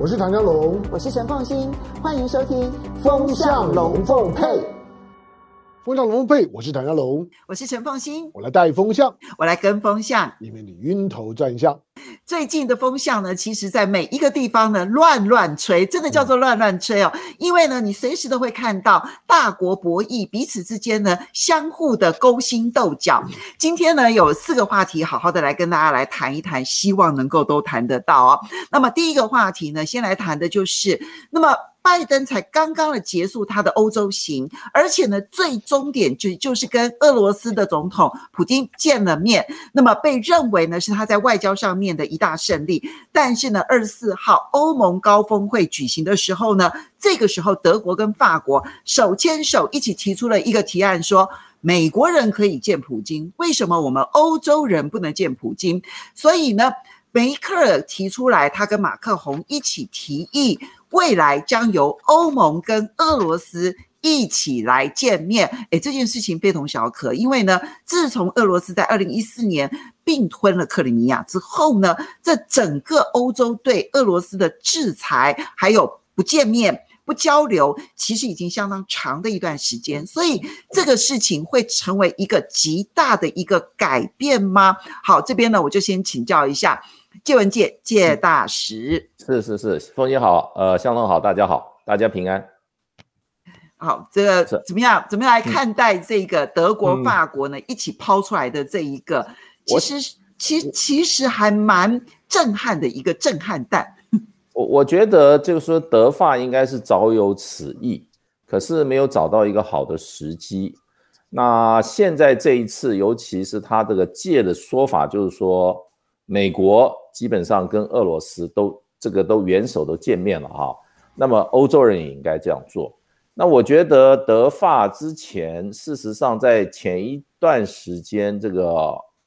我是唐家龍，我是陳鳳馨，歡迎收聽《風向龍鳳配》。《風向龍鳳配》，我是唐家龍，我是陳鳳馨，我來帶風向，我來跟風向，因為你暈頭轉向。最近的風向呢，其實，在每一個地方呢，亂亂吹，真的叫做亂亂吹哦。因為呢，你隨時都會看到大國博弈，彼此之間呢，相互的勾心鬥角。今天呢，有四個話題，好好的來跟大家來談一談，希望能夠都談得到哦。那麼，第一個話題呢，先來談的就是，那麼。拜登才剛剛的結束他的歐洲行，而且呢，最終點就就是跟俄羅斯的總統普京見了面。那麼被認為呢是他在外交上面的一大勝利。但是呢，二十四號歐盟高峰會舉行的時候呢，這個時候德國跟法國手牽手一起提出了一個提案，說美國人可以見普京，為什麼我們歐洲人不能見普京？所以呢，梅克爾提出來，他跟馬克宏一起提議。未來將由歐盟跟俄羅斯一起來見面，誒，這件事情非同小可，因為呢，自從俄羅斯在二零一四年併吞了克里米亞之後呢，這整個歐洲對俄羅斯的制裁還有不見面，不交流，其實已經相當長的一段時間，所以這個事情會成為一個極大的一個改變嗎？好，這邊呢，我就先請教一下。介文汲，介大使是是是。鳳姐好，呃，向總好，大家好，大家平安。好，這個怎麼樣？是怎麼樣來看待這個德國、嗯、法國呢？一起拋出來的這一個，嗯、其實，其其實還蠻震撼的一個震撼彈。我我，我覺得就是說，德法應該是早有此意，可是沒有找到一個好的時機。那現在這一次，尤其是他這個借的說法，就是說美國。基本上跟俄羅斯都這個都元首都見面了哈，那麼歐洲人也應該這樣做。那我覺得德法之前，事實上在前一段時間這個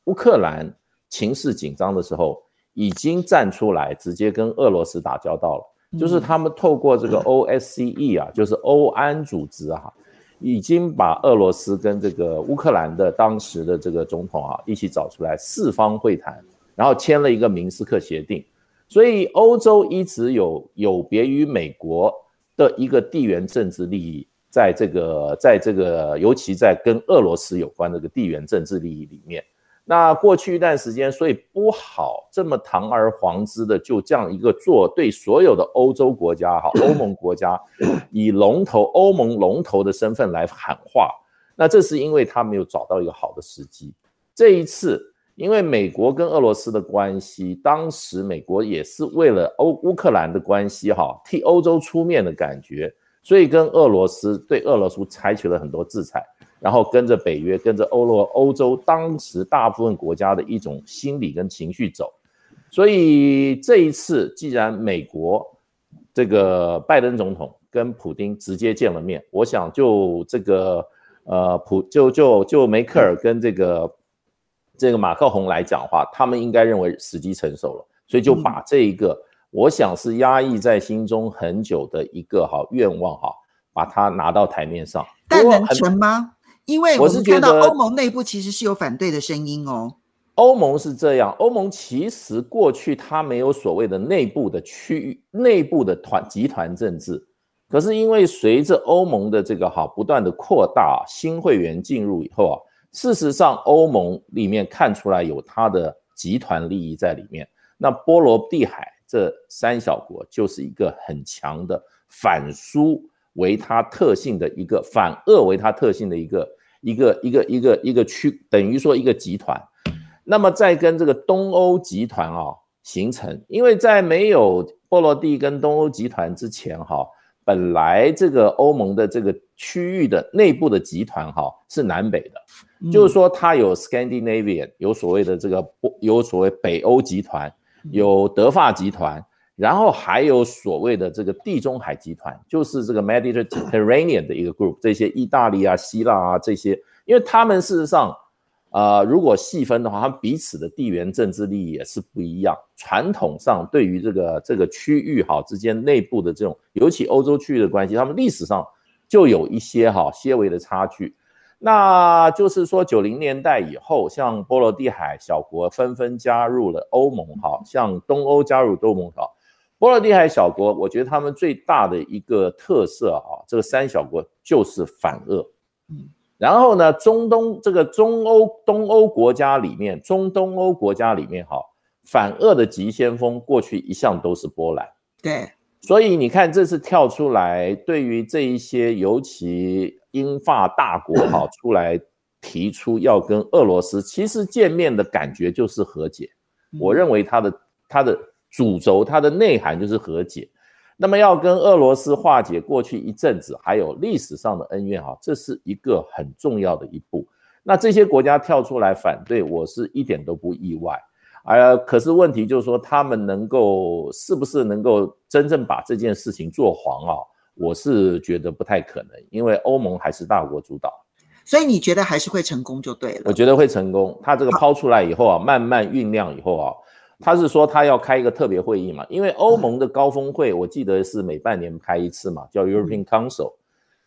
烏克蘭情勢緊張的時候，已經站出來直接跟俄羅斯打交道了，就是他們透過這個 OSCE 啊，就是歐安組織哈，已經把俄羅斯跟這個烏克蘭的當時的這個總統啊一起找出來四方會談。然後簽了一個明斯克協定，所以歐洲一直有有別於美國的一個地緣政治利益，在這個在這個尤其在跟俄羅斯有關的這個地緣政治利益裡面。那過去一段時間，所以不好這麼堂而皇之的就這樣一個做對所有的歐洲國家哈，歐盟國家以龍頭歐盟龍頭的身份來喊話。那這是因為他沒有找到一個好的時機，這一次。因為美國跟俄羅斯的關係，當時美國也是為了歐烏克蘭的關係，哈，替歐洲出面的感覺，所以跟俄羅斯對俄羅斯採取了很多制裁，然後跟着北約，跟着歐羅歐洲，當時大部分國家的一種心理跟情緒走，所以這一次既然美國這個拜登總統跟普丁直接見了面，我想就這個呃普就就就梅克爾跟這個。這個馬克宏來講的話，他們應該認為時機成熟了，所以就把這一個，嗯、我想是壓抑在心中很久的一個哈願望哈，把它拿到台面上。但能成嗎？很因為我，我是覺得歐盟內部其實是有反對的聲音哦。歐盟是這樣，歐盟其實過去它沒有所謂的內部的區域、內部的團集團政治，可是因為隨着歐盟的這個哈不斷的擴大、啊，新會員進入以後啊。事實上，歐盟裡面看出來有它的集團利益在裡面。那波羅的海這三小國就是一個很強的反蘇為它特性的一個反俄為它特性的一個一個一個一個一個區，等於說一個集團。那麼在跟這個東歐集團啊形成，因為在沒有波羅的跟東歐集團之前，哈。本來這個歐盟的這個區域的內部的集團，哈，是南北的，嗯，就是說它有 Scandinavian，有所謂的這個有所謂北歐集團，有德法集團，然後還有所謂的這個地中海集團，就是這個 Mediterranean 的一個 group，這些意大利啊、希臘啊這些，因為他們事實上。啊、呃，如果細分的話，他們彼此的地緣政治利益也是不一樣。傳統上，對於這個這個區域哈之間內部的這種，尤其歐洲區域的關係，他們歷史上就有一些哈些微的差距。那就是說，九零年代以後，像波羅的海小國紛紛加入了歐盟哈，像東歐加入歐盟哈。波羅的海小國，我覺得他們最大的一個特色啊，這個三小國就是反俄。嗯。然後呢，中東這個中歐、東歐國家裡面，中東歐國家裡面，哈，反俄的急先鋒過去一向都是波蘭。對，所以你看，這次跳出來，對於這一些，尤其英法大國，哈，出來提出要跟俄羅斯其實見面的感覺就是和解。我認為它的它的主軸，它的內涵就是和解。那麼要跟俄羅斯化解過去一陣子還有歷史上的恩怨哈、啊，這是一個很重要的一步。那這些國家跳出來反對我是一點都不意外、呃。哎，可是問題就是說他們能夠是不是能夠真正把這件事情做黃啊？我是覺得不太可能，因為歐盟還是大國主導。所以你覺得還是會成功就對了。我覺得會成功，他這個拋出來以後啊，慢慢醞釀以後啊。他是說他要開一個特別會議嘛？因為歐盟的高峰會，我記得是每半年開一次嘛，叫 European Council。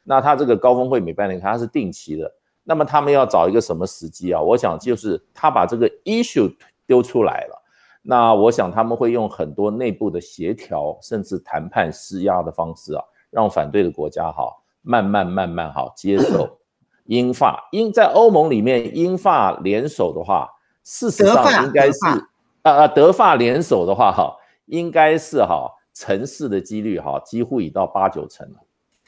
那他這個高峰會每半年開，他是定期的。那麼他們要找一個什麼時機啊？我想就是他把這個 issue 丟出來了。那我想他們會用很多內部的協調，甚至談判施壓的方式啊，讓反對的國家哈慢慢慢慢好接受英法，英在歐盟裡面英法聯手的話，事實上應該是。.啊啊，德法聯手的話，哈，應該是哈成事的幾率，哈，幾乎已到八九成了。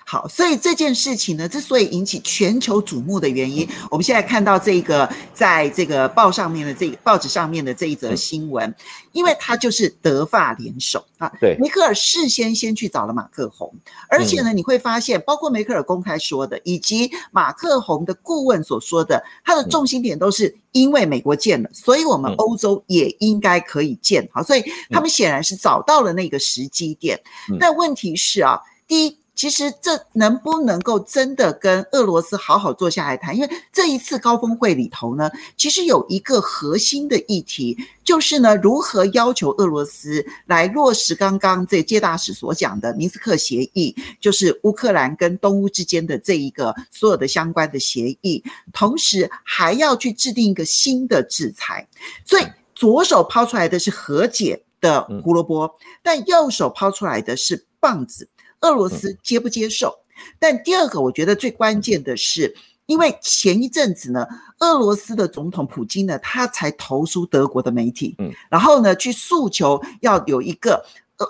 好，所以這件事情呢，之所以引起全球矚目的原因，我們現在看到這個，在這個報上面的這報紙上面的這一則新聞，因為它就是德法聯手啊。對，梅克爾事先先去找了馬克宏，而且呢，你會發現，包括梅克爾公開說的，以及馬克宏的顧問所說的，他的重心點都是因為美國見了，所以我們歐洲也應該可以見。好，所以他們顯然是找到了那個時機點。但問題是啊，第一。其實這能不能夠真的跟俄羅斯好好坐下來談？因為這一次高峰會裡頭呢，其實有一個核心的議題，就是呢如何要求俄羅斯來落實剛剛這介大使所講的明斯克協議，就是烏克蘭跟東烏之間的這一個所有的相關的協議，同時還要去制定一個新的制裁。所以左手拋出來的是和解的胡蘿蔔，但右手拋出來的是棒子。俄羅斯接不接受？但第二個，我覺得最關鍵的是，因為前一陣子呢，俄羅斯的總統普京呢，他才投書德國的媒體，然後呢，去訴求要有一個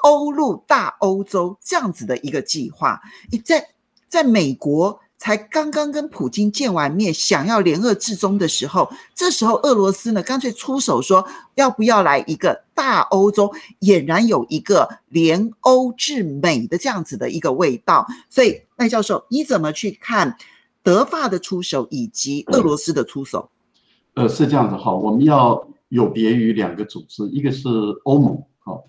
歐陸大歐洲這樣子的一個計劃。你在在美國。才剛剛跟普京見完面，想要聯俄制中的時候，這時候俄羅斯呢乾脆出手說，要不要來一個大歐洲，儼然有一個聯歐制美的這樣子的一個味道。所以，賴教授，你怎麼去看德法的出手以及俄羅斯的出手？呃，呃，是這樣子哈，我們要有別於兩個組織，一個是歐盟，哈、哦，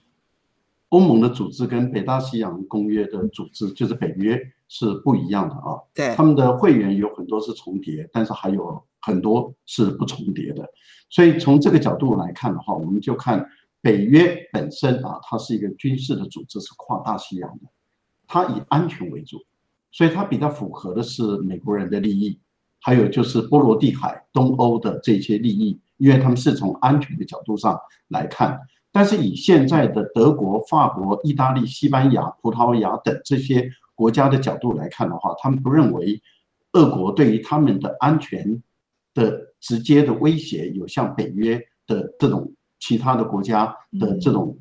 歐盟的組織跟北大西洋公約的組織就是北約。是不一樣的啊，對，他們的會員有很多是重疊，但是還有很多是不重疊的，所以從這個角度來看的話，我們就看北約本身啊，它是一個軍事的組織，是跨大西洋的，它以安全為主，所以它比較符合的是美國人的利益，還有就是波羅的海、東歐的這些利益，因為他們是從安全的角度上來看，但是以現在的德國、法國、意大利、西班牙、葡萄牙等這些。國家的角度來看的話，他們不認為俄國對於他們的安全的直接的威脅有像北約的這種其他的國家的這種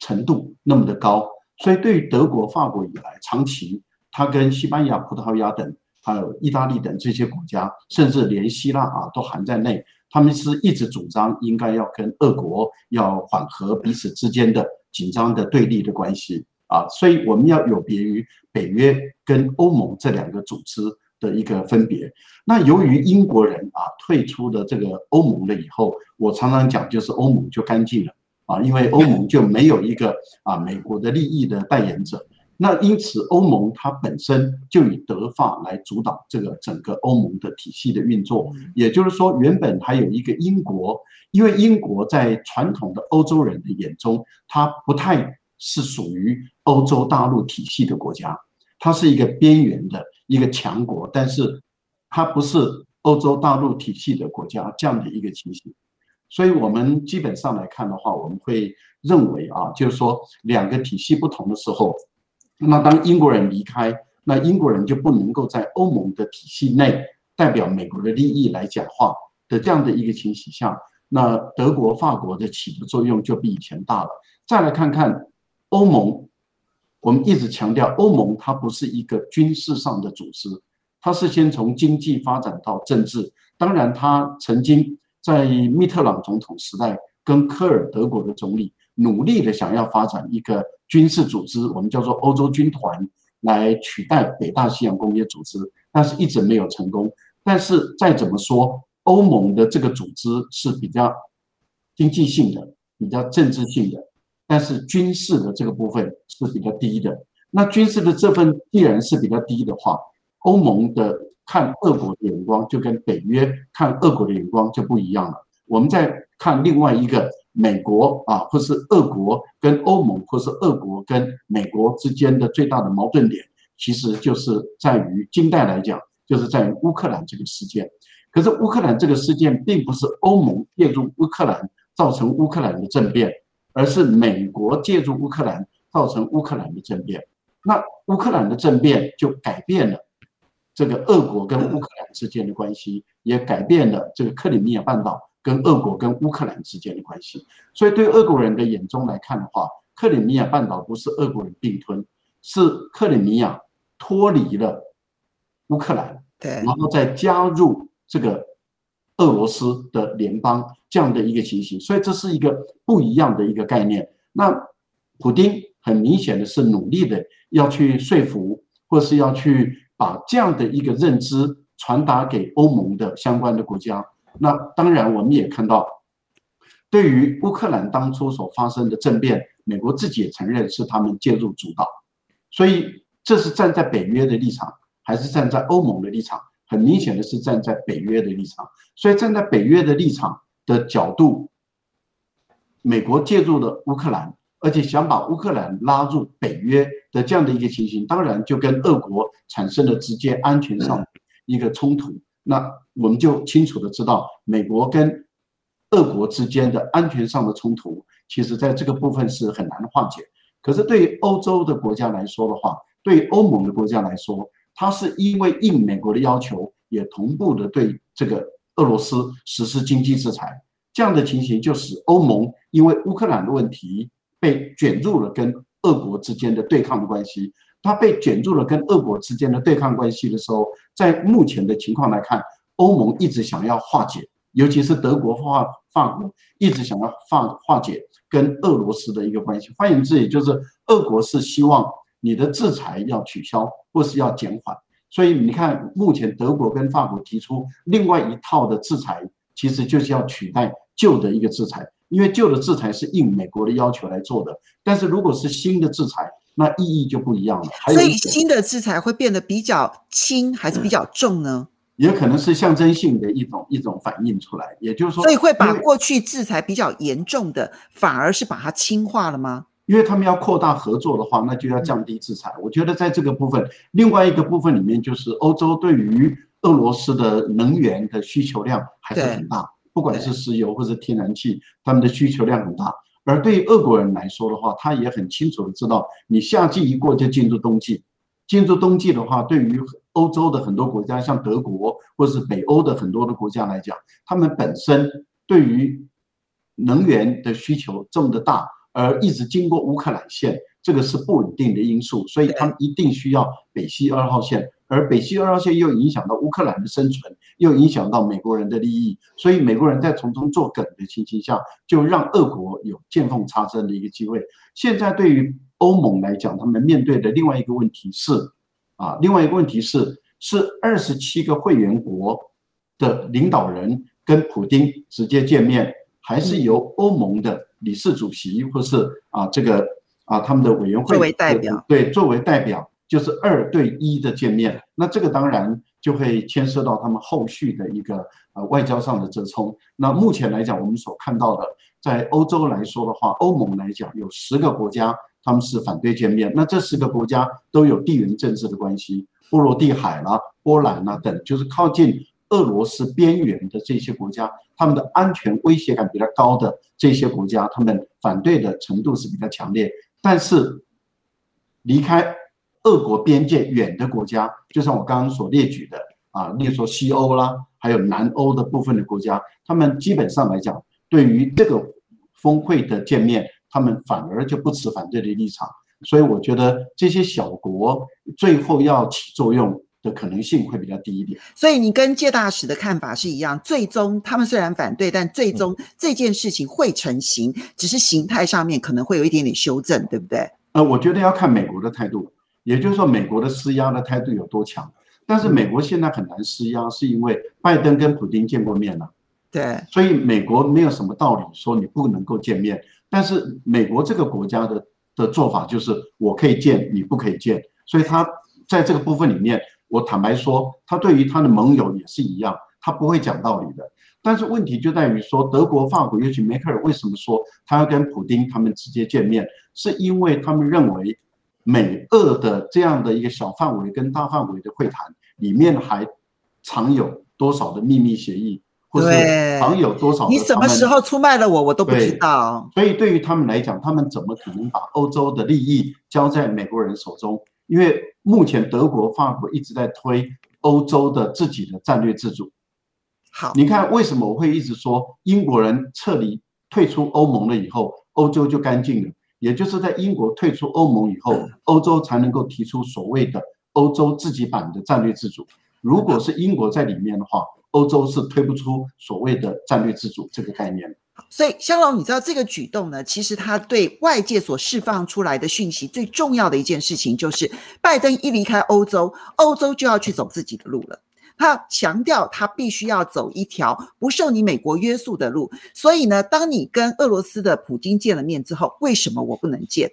程度那麼的高。嗯。所以，對於德國、法國以來，長期他跟西班牙、葡萄牙等，還有意大利等這些國家，甚至連希臘啊都含在內，他們是一直主張應該要跟俄國要緩和彼此之間的緊張的對立的關係。啊，所以我們要有別於北約跟歐盟這兩個組織的一個分別。那由於英國人啊退出了這個歐盟了以後，我常常講，就是歐盟就乾淨了啊，因為歐盟就沒有一個啊美國的利益的代言者。那因此，歐盟它本身就以德法來主導這個整個歐盟的體系的運作。也就是說，原本還有一個英國，因為英國在傳統的歐洲人的眼中，他不太。是屬於歐洲大陸體系的國家，它是一個邊緣的一個強國，但是它不是歐洲大陸體系的國家這樣的一個情形。所以，我們基本上來看的話，我們會認為啊，就是說兩個體系不同的時候，那當英國人離開，那英國人就不能夠在歐盟的體系內代表美國的利益來講話的這樣的一個情形下，那德國、法國的起的作用就比以前大了。再來看看。歐盟，我們一直強調，歐盟它不是一個軍事上的組織，它是先從經濟發展到政治。當然，它曾經在密特朗總統時代跟科爾德國的總理努力的想要發展一個軍事組織，我們叫做歐洲軍團，來取代北大西洋公約組織，但是一直沒有成功。但是再怎麼說，歐盟的這個組織是比較經濟性的，比較政治性的。但是軍事的這個部分是比較低的，那軍事的這份既然是比較低的話，歐盟的看俄國的眼光就跟北約看俄國的眼光就不一樣了。我們再看另外一個美國啊，或是俄國跟歐盟，或是俄國跟美國之間的最大的矛盾點，其實就是在於近代來講，就是在於烏克蘭這個事件。可是烏克蘭這個事件並不是歐盟介入烏克蘭造成烏克蘭的政變。而是美國借助烏克蘭造成烏克蘭的政變，那烏克蘭的政變就改變了這個俄國跟烏克蘭之間的關係，也改變了這個克里米亞半島跟俄國跟烏克蘭之間的關係。所以對俄國人的眼中來看的話，克里米亞半島不是俄國人併吞，是克里米亞脫離了烏克蘭，對，然後再加入這個。俄羅斯的聯邦這樣的一個情形，所以這是一個不一樣的一個概念。那普亭很明顯的是努力的要去說服，或是要去把這樣的一個認知傳達給歐盟的相關的國家。那當然，我們也看到，對於烏克蘭當初所發生的政變，美國自己也承認是他們介入主導。所以，這是站在北約的立場，還是站在歐盟的立場？很明顯的是站在北約的立場，所以站在北約的立場的角度，美國介入了烏克蘭，而且想把烏克蘭拉入北約的這樣的一個情形，當然就跟俄國產生了直接安全上的一個衝突。那我們就清楚的知道，美國跟俄國之間的安全上的衝突，其實在這個部分是很難化解、解。可是對歐洲的國家來說的話，對歐盟的國家來說。他是因為應美國的要求，也同步的對這個俄羅斯實施經濟制裁，這樣的情形就使歐盟因為烏克蘭的問題被捲入了跟俄國之間的對抗關係。他被捲入了跟俄國之間的對抗關係的時候，在目前的情況來看，歐盟一直想要化解，尤其是德國、化法國一直想要化化解跟俄羅斯的一個關係。換言之，也就是俄國是希望。你的制裁要取消，或是要減緩，所以你看，目前德國跟法國提出另外一套的制裁，其實就是要取代舊的一個制裁，因為舊的制裁是應美國的要求來做的。但是如果是新的制裁，那意義就不一樣了。嗯，所以新的制裁會變得比較輕，還是比較重呢？嗯，也可能是象徵性的一種一種反應出來，也就是說，所以會把過去制裁比較嚴重的，反而是把它輕化了嗎？因為他們要擴大合作的話，那就要降低制裁。我覺得在這個部分，另外一個部分裡面，就是歐洲對於俄羅斯的能源的需求量還是很大，不管是石油或者是天然氣，他們的需求量很大。而對於俄國人來說的話，他也很清楚的知道，你夏季一過就進入冬季，進入冬季的話，對於歐洲的很多國家，像德國或是北歐的很多的國家來講，他們本身對於能源的需求這麼的大。而一直經過烏克蘭線，這個是不穩定的因素，所以他們一定需要北溪二號線，而北溪二號線又影響到烏克蘭的生存，又影響到美國人的利益，所以美國人在從中作梗的情形下，就讓俄國有見縫插針的一個機會。現在對於歐盟來講，他們面對的另外一個問題是，啊，另外一個問題是，是二十七個會員國的領導人跟普丁直接見面，還是由歐盟的、嗯？理事主席，或是啊，這個啊，他們的委員會為代表，對，作為代表，就是二對一的見面。那這個當然就會牽涉到他們後續的一個呃外交上的折衝。那目前來講，我們所看到的，在歐洲來說的話，歐盟來講有十個國家他們是反對見面。那這十個國家都有地緣政治的關係，波羅的海啦、啊、波蘭啦、啊、等，就是靠近。俄羅斯邊緣的這些國家，他們的安全威脅感比較高的這些國家，他們反對的程度是比較強烈。但是，離開俄國邊界遠的國家，就像我剛剛所列舉的啊，例如說西歐啦，還有南歐的部分的國家，他們基本上來講，對於這個峰會的見面，他們反而就不持反對的立場。所以，我覺得這些小國最後要起作用。的可能性會比較低一點，所以你跟介大使的看法是一樣。最終他們雖然反對，但最終這件事情會成型，只是形態上面可能會有一點點修正，對不對，嗯？呃，我覺得要看美國的態度，也就是說美國的施壓的態度有多強。但是美國現在很難施壓，是因為拜登跟普京見過面了。對，所以美國沒有什麼道理說你不能夠見面。但是美國這個國家的的做法就是我可以見，你不可以見，所以他在這個部分裡面。我坦白說，他對於他的盟友也是一樣，他不會講道理的。但是問題就在於說，德國、法國尤其梅克爾為什麼說他要跟普丁他們直接見面，是因為他們認為美俄的這樣的一個小範圍跟大範圍的會談裡面還藏有多少的秘密協議，或者藏有多少？你什麼時候出賣了我，我都不知道。所以對於他們來講，他們怎麼可能把歐洲的利益交在美國人手中？因為目前德國、法國一直在推歐洲的自己的戰略自主。好，你看為什麼我會一直說英國人撤離、退出歐盟了以後，歐洲就乾淨了？也就是在英國退出歐盟以後，歐洲才能夠提出所謂的歐洲自己版的戰略自主。如果是英國在裡面的話，歐洲是推不出所謂的戰略自主這個概念的。所以，香龍，你知道這個舉動呢？其實他對外界所釋放出來的訊息，最重要的一件事情就是，拜登一離開歐洲，歐洲就要去走自己的路了。他強調，他必須要走一條不受你美國約束的路。所以呢，當你跟俄羅斯的普京見了面之後，為什麼我不能見？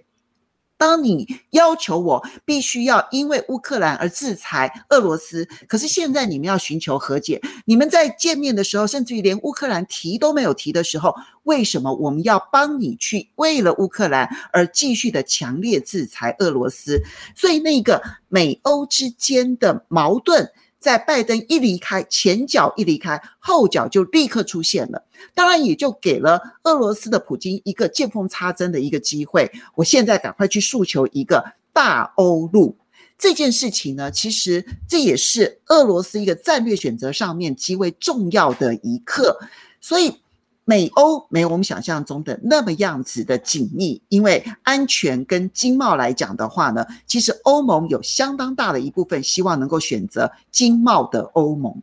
當你要求我必須要因為烏克蘭而制裁俄羅斯，可是現在你們要尋求和解，你們在見面的時候，甚至於連烏克蘭提都沒有提的時候，為什麼我們要幫你去為了烏克蘭而繼續的強烈制裁俄羅斯？所以那個美歐之間的矛盾。在拜登一離開，前腳一離開，後腳就立刻出現了，當然也就給了俄羅斯的普京一個見縫插針的一個機會。我現在趕快去訴求一個大歐陸這件事情呢，其實這也是俄羅斯一個戰略選擇上面極為重要的一刻，所以。美歐沒有我們想象中的那麼樣子的緊密，因為安全跟經貿來講的話呢，其實歐盟有相當大的一部分希望能夠選擇經貿的歐盟，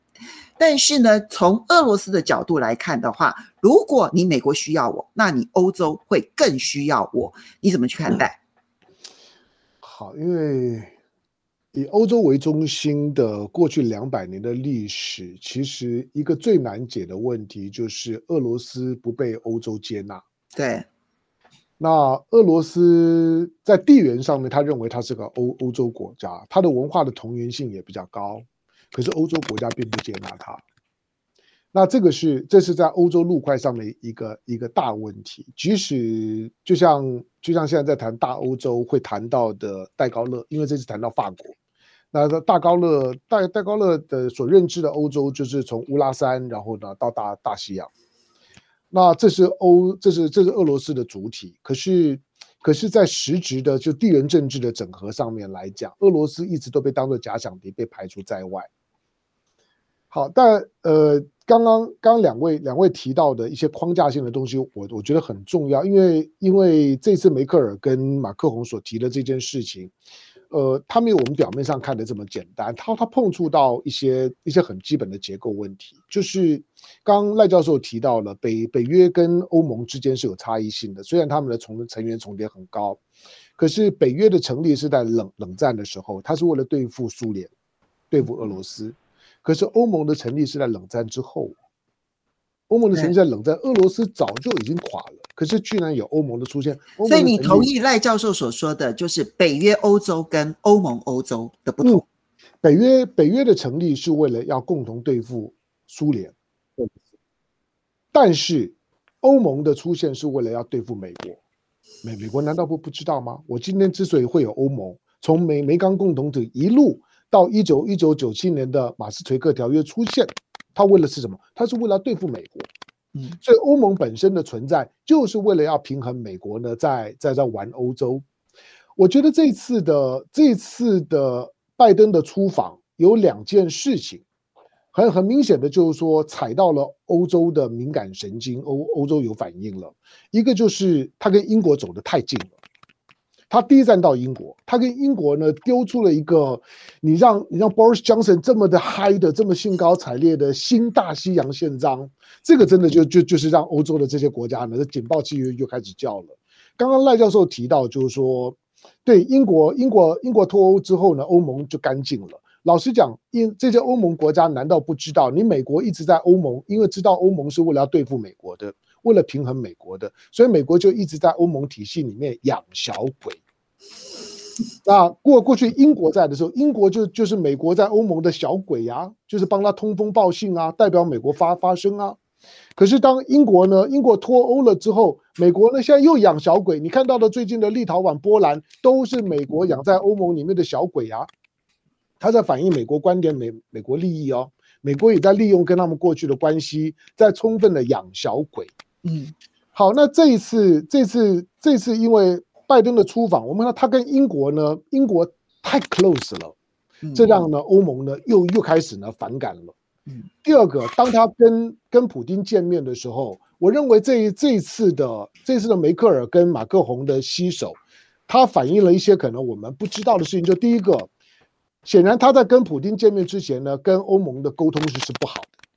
但是呢，從俄羅斯的角度來看的話，如果你美國需要我，那你歐洲會更需要我，你怎麼去看待？嗯。好，因為。以歐洲為中心的過去兩百年的歷史，其實一個最難解的問題就是俄羅斯不被歐洲接納。對，那俄羅斯在地緣上面，他認為它是個歐歐洲國家，它的文化的同源性也比較高，可是歐洲國家並不接納它。那這個是這是在歐洲陸塊上的一個一個大問題。即使就像就像現在在談大歐洲會談到的戴高樂，因為這次談到法國。那戴高樂，戴戴高樂的所認知的歐洲就是從烏拉山，然後呢到大大西洋。那這是歐，這是這是俄羅斯的主體。可是，可是在實質的就地緣政治的整合上面來講，俄羅斯一直都被當做假想敵，被排除在外。好，但呃，剛剛剛兩位兩位提到的一些框架性的東西，我我覺得很重要，因為因為這次梅克爾跟馬克宏所提的這件事情。呃，他沒有我們表面上看的這麼簡單，他他碰觸到一些一些很基本的結構問題，就是，剛賴教授提到了北北約跟歐盟之間是有差異性的，雖然他們的成成員重疊很高，可是北約的成立是在冷冷戰的時候，他是為了對付蘇聯，對付俄羅斯，可是歐盟的成立是在冷戰之後。歐盟的存在，冷戰，對俄羅斯早就已經垮了，可是居然有歐盟的出現。所以你同意賴教授所說的就是北約歐洲跟歐盟歐洲的不同。嗯，北約北約的成立是為了要共同對付蘇聯，但是歐盟的出現是為了要對付美國。美美國難道不不知道嗎？我今天之所以會有歐盟，從煤煤鋼共同體一路到一九一九九七年的馬斯垂克條約出現。他為了是什麼？他是為了對付美國，嗯，所以歐盟本身的存在就是為了要平衡美國呢，在在這玩歐洲。我覺得這次的這次的拜登的出訪有兩件事情，很很明顯的就是說踩到了歐洲的敏感神經，歐歐洲有反應了。一個就是他跟英國走得太近了。他第一站到英國，他跟英國呢，丟出了一個你，你讓你讓 Boris Johnson 這麼的嗨的，這麼興高采烈的新大西洋憲章，這個真的就就就是讓歐洲的這些國家呢，這警報器又又開始叫了。剛剛賴教授提到，就是說，對英國，英國英國脫歐之後呢，歐盟就乾淨了。老實講，英這些歐盟國家難道不知道，你美國一直在歐盟，因為知道歐盟是為了要對付美國的。為了平衡美國的，所以美國就一直在歐盟體系裡面養小鬼。那過過去英國在的時候，英國就就是美國在歐盟的小鬼啊，就是幫他通風報信啊，代表美國發發聲啊。可是當英國呢，英國脫歐了之後，美國呢現在又養小鬼。你看到的最近的立陶宛、波蘭都是美國養在歐盟裡面的小鬼呀。他在反映美國觀點美、美國利益哦。美國也在利用跟他們過去的關係，在充分的養小鬼。嗯，好，那這一次，這次，這次因為拜登的出訪，我們看他跟英國呢，英國太 close 了，這讓呢歐盟、嗯、呢又又開始呢反感了。嗯，第二個，當他跟跟普丁見面的時候，我認為這這一次的這次的梅克爾跟馬克宏的攜手，他反映了一些可能我們不知道的事情。就第一個，顯然他在跟普丁見面之前呢，跟歐盟的溝通是不好的。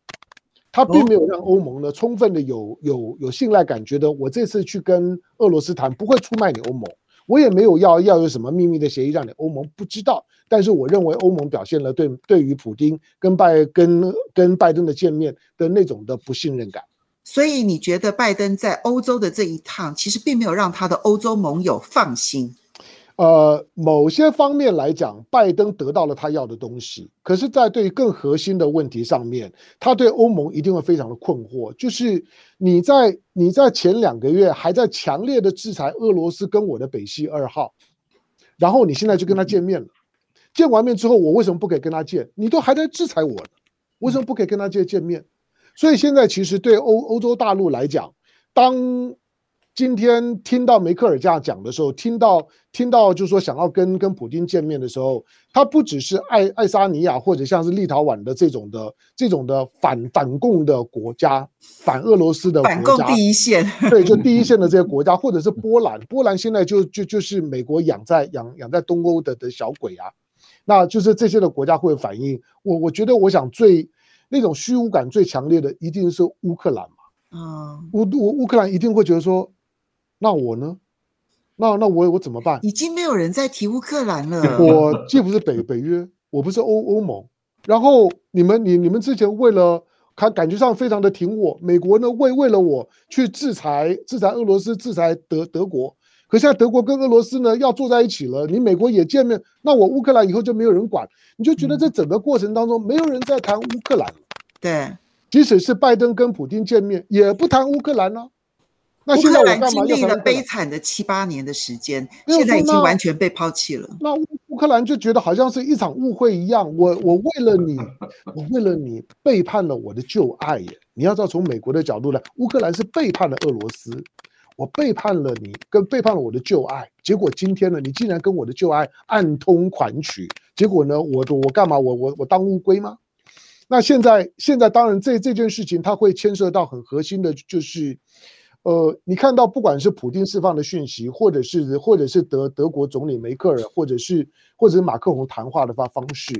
他並沒有讓歐盟呢充分的有有有信賴感覺的，覺得我這次去跟俄羅斯談不會出賣你歐盟，我也沒有要要有什麼秘密的協議讓你歐盟不知道。但是我認為歐盟表現了對對於普亭跟拜跟跟拜登的見面的那種的不信任感。所以你覺得拜登在歐洲的這一趟其實並沒有讓他的歐洲盟友放心。呃，某些方面來講，拜登得到了他要的東西。可是，在對更核心的問題上面，他對歐盟一定會非常的困惑。就是你在你在前兩個月還在強烈的制裁俄羅斯跟我的北溪二號，然後你現在就跟他見面了。見完面之後，我為什麼不可以跟他見？你都還在制裁我，我為什麼不可以跟他見見面？所以現在其實對歐歐洲大陸來講，當。今天聽到梅克爾家講的時候，聽到聽到就是說想要跟跟普亭見面的時候，他不只是愛愛沙尼亞或者像是立陶宛的這種的這種的反反共的國家，反俄羅斯的國家，反共第一線，對，就第一線的這些國家， 或者是波蘭，波蘭現在就就就是美國養在養養在東歐的的小鬼啊，那就是這些的國家會有反應。我我覺得我想最那種虛無感最強烈的一定是烏克蘭嘛，啊、嗯，烏烏烏克蘭一定會覺得說。那我呢？那那我我怎麼辦？已經沒有人再提烏克蘭了。我既不是北北約，我不是歐歐盟。然後你們，你你們之前為了，感感覺上非常的挺我。美國呢，為為了我去制裁制裁俄羅斯，制裁德德國。可現在德國跟俄羅斯呢要坐在一起了，你美國也見面，那我烏克蘭以後就沒有人管。你就覺得這整個過程當中，沒有人在談烏克蘭。對，即使是拜登跟普丁見面，也不談烏克蘭呢、啊。那烏克蘭經歷了悲慘的七八年的時間，現在已經完全被拋棄了。那烏克蘭就覺得好像是一場誤會一樣，我我為了你，我為了你背叛了我的舊愛耶！你要知道，從美國的角度來，烏克蘭是背叛了俄羅斯，我背叛了你，跟背叛了我的舊愛。結果今天呢，你竟然跟我的舊愛暗通款曲，結果呢，我我幹嘛？我我我當烏龜嗎？那現在現在當然這，這這件事情它會牽涉到很核心的，就是。呃，你看到不管是普亭釋放的訊息，或者是或者是德德國總理梅克爾，或者是或者是馬克宏談話的發方式，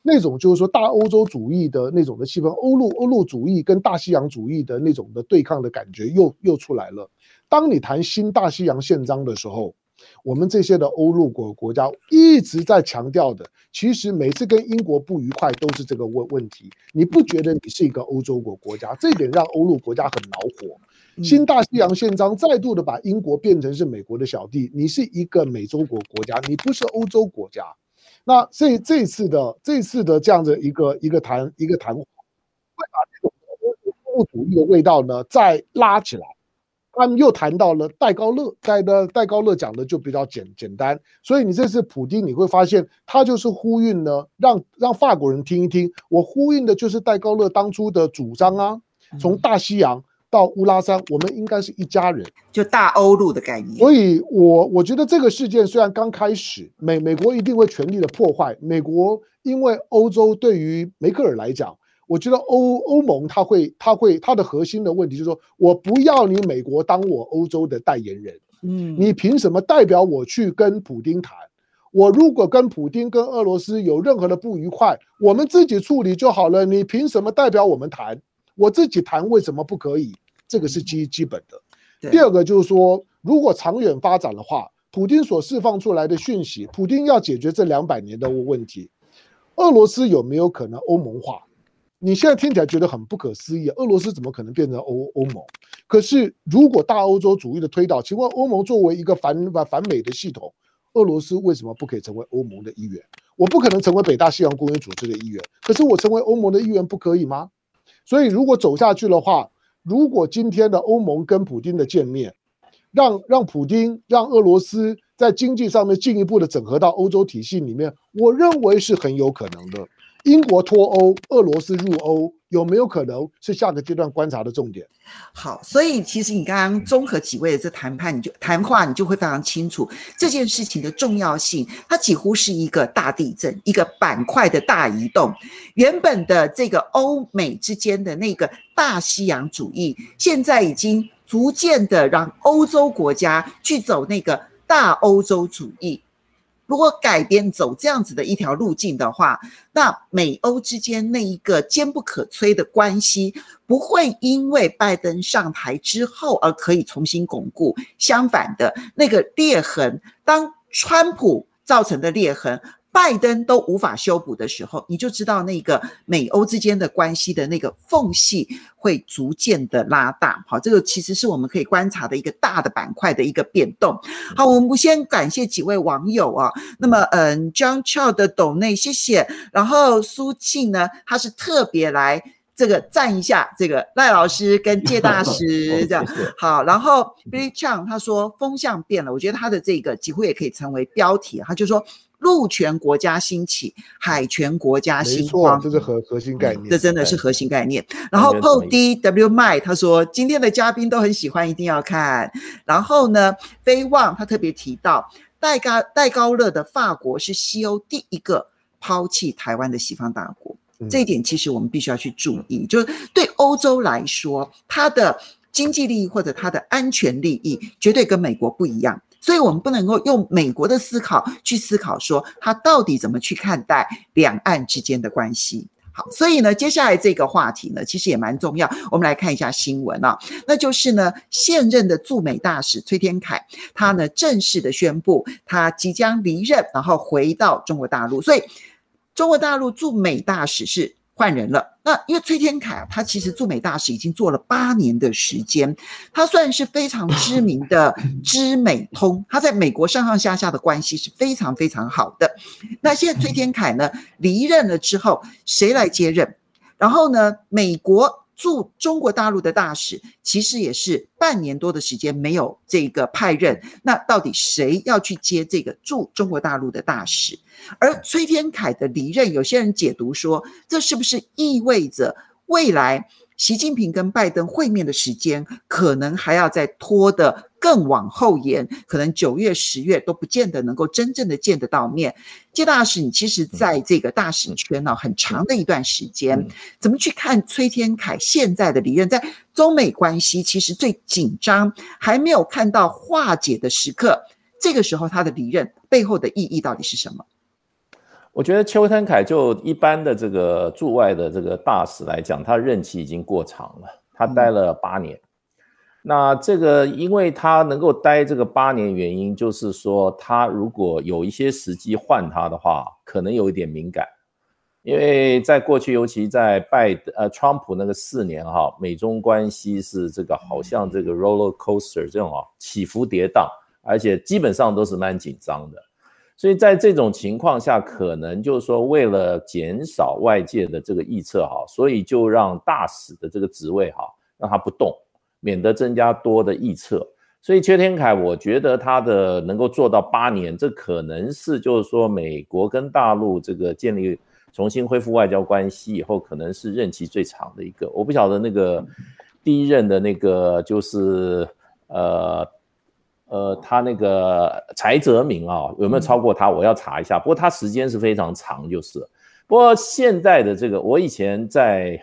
那種就是說大歐洲主義的那種的氣氛，歐陸歐陸主義跟大西洋主義的那種的對抗的感覺又又出來了。當你談新大西洋憲章的時候，我們這些的歐陸國國家一直在強調的，其實每次跟英國不愉快都是這個問問題，你不覺得你是一個歐洲國國家，這點讓歐陸國家很惱火。新大西洋憲章再度的把英國變成是美國的小弟，你是一個美洲國國家，你不是歐洲國家。那這這次的這次的這樣的一個一個談一個談話，會把這種歐洲主義的味道呢再拉起來。他們又談到了戴高樂，戴的戴高樂講的就比較簡簡單。所以你這次普丁你會發現，他就是呼應呢，讓讓法國人聽一聽，我呼應的就是戴高樂當初的主張啊，從大西洋到烏拉山，我們應該是一家人，就大歐陸的概念。所以我，我我覺得這個事件雖然剛開始，美美國一定會全力的破壞。美國因為歐洲對於梅克爾來講，我覺得歐歐盟他會他會，他會他的核心的問題就是說，我不要你美國當我歐洲的代言人，嗯，你憑什麼代表我去跟普丁談？我如果跟普丁跟俄羅斯有任何的不愉快，我們自己處理就好了。你憑什麼代表我們談？我自己談為什麼不可以？這個是基基本的，第二個就是說，如果長遠發展的話，普亭所釋放出來的訊息，普亭要解決這兩百年的問題，俄羅斯有沒有可能歐盟化？你現在聽起來覺得很不可思議，俄羅斯怎麼可能變成歐歐盟？可是如果大歐洲主義的推導，請問歐盟作為一個反反美的系統，俄羅斯為什麼不可以成為歐盟的一員？我不可能成為北大西洋公約組織的一員，可是我成為歐盟的一員不可以嗎？所以如果走下去的話。如果今天的歐盟跟普丁的見面，讓讓普丁讓俄羅斯在經濟上面進一步的整合到歐洲體系裡面，我認為是很有可能的。英國脫歐，俄羅斯入歐，有沒有可能是下個階段觀察的重點？好，所以其實你剛剛綜合幾位的這談判，你就談話，你就會非常清楚這件事情的重要性。它幾乎是一個大地震，一個板塊的大移動。原本的這個歐美之間的那個大西洋主義，現在已經逐漸的讓歐洲國家去走那個大歐洲主義。如果改變走這樣子的一條路徑的話，那美歐之間那一個堅不可摧的關係不會因為拜登上台之後而可以重新鞏固。相反的，那個裂痕，當川普造成的裂痕。拜登都無法修補的時候，你就知道那個美歐之間的關係的那個縫隙會逐漸的拉大。好，這個其實是我們可以觀察的一個大的板塊的一個變動。好，我們先感謝幾位網友啊。那麼，嗯，John Chou 的抖內，謝謝。然後蘇慶呢，他是特別來這個讚一下這個賴老師跟介大使、 哦、謝謝這樣。好，然後 Billy Chang 他說風向變了，我覺得他的這個幾乎也可以成為標題，他就說。陸權國家興起，海權國家興旺。這是核核心概念、嗯。這真的是核心概念。對然後，P o D W My 他說，今天的嘉賓都很喜歡，一定要看。然後呢，飛旺他特別提到，戴高戴高樂的法國是西歐第一個拋棄台灣的西方大國，嗯、這一點其實我們必須要去注意。就是對歐洲來說，它的經濟利益或者它的安全利益，絕對跟美國不一樣。所以，我們不能夠用美國的思考去思考，說他到底怎麼去看待兩岸之間的關係。好，所以呢，接下來這個話題呢，其實也蠻重要。我們來看一下新聞啊，那就是呢，現任的駐美大使崔天凱，他呢正式的宣布，他即將離任，然後回到中國大陸。所以，中國大陸駐美大使是。換人了，那因為崔天凱、啊、他其實駐美大使已經做了八年的時間，他算是非常知名的知美通，他在美國上上下下的關係是非常非常好的。那現在崔天凱呢離任了之後，誰來接任？然後呢，美國。駐中國大陸的大使其實也是半年多的時間沒有這個派任，那到底誰要去接這個駐中國大陸的大使？而崔天凱的離任，有些人解讀說，這是不是意味着未來？習近平跟拜登會面的時間可能還要再拖得更往後延，可能九月、十月都不見得能夠真正的見得到面。介大使，你其實在這個大使圈呢，很長的一段時間，怎麼去看崔天凱現在的離任，在中美關係其實最緊張，還沒有看到化解的時刻，這個時候他的離任背後的意義到底是什麼？我覺得崔天凱就一般的這個駐外的這個大使來講，他任期已經過長了，他待了八年。嗯、那這個，因為他能夠待這個八年，原因就是說，他如果有一些時機換他的話，可能有一點敏感。因為在過去，尤其在拜呃川普那個四年哈、啊，美中關係是這個好像這個 roller coaster 這種啊起伏跌宕，而且基本上都是蠻緊張的。所以在這種情況下，可能就是說，為了減少外界的這個臆測哈，所以就讓大使的這個職位哈，讓他不動，免得增加多的臆測。所以，崔天凱，我覺得他的能夠做到八年，這可能是就是說，美國跟大陸這個建立重新恢復外交關係以後，可能是任期最長的一個。我不曉得那個第一任的那個就是呃。呃，他那個柴澤民啊，有沒有超過他？我要查一下。不過他時間是非常長，就是。不過現在的這個，我以前在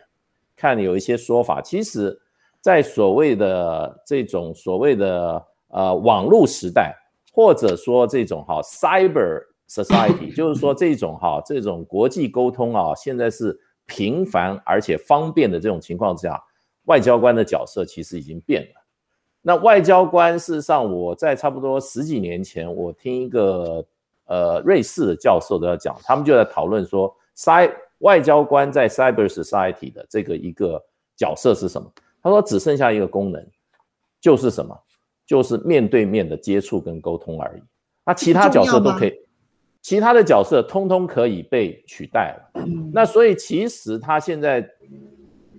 看有一些說法，其實，在所謂的這種所謂的呃網絡時代，或者說這種哈 cyber society，就是說這種哈這種國際溝通啊，現在是頻繁而且方便的這種情況之下，外交官的角色其實已經變了。那外交官，事實上，我在差不多十幾年前，我聽一個呃瑞士的教授都要講，他們就在討論說外交官在 Cyber Society 的這個一個角色是什麼？他說只剩下一個功能，就是什麼？就是面對面的接觸跟溝通而已。那其他角色都可以，其他的角色通通可以被取代了。那所以其實他現在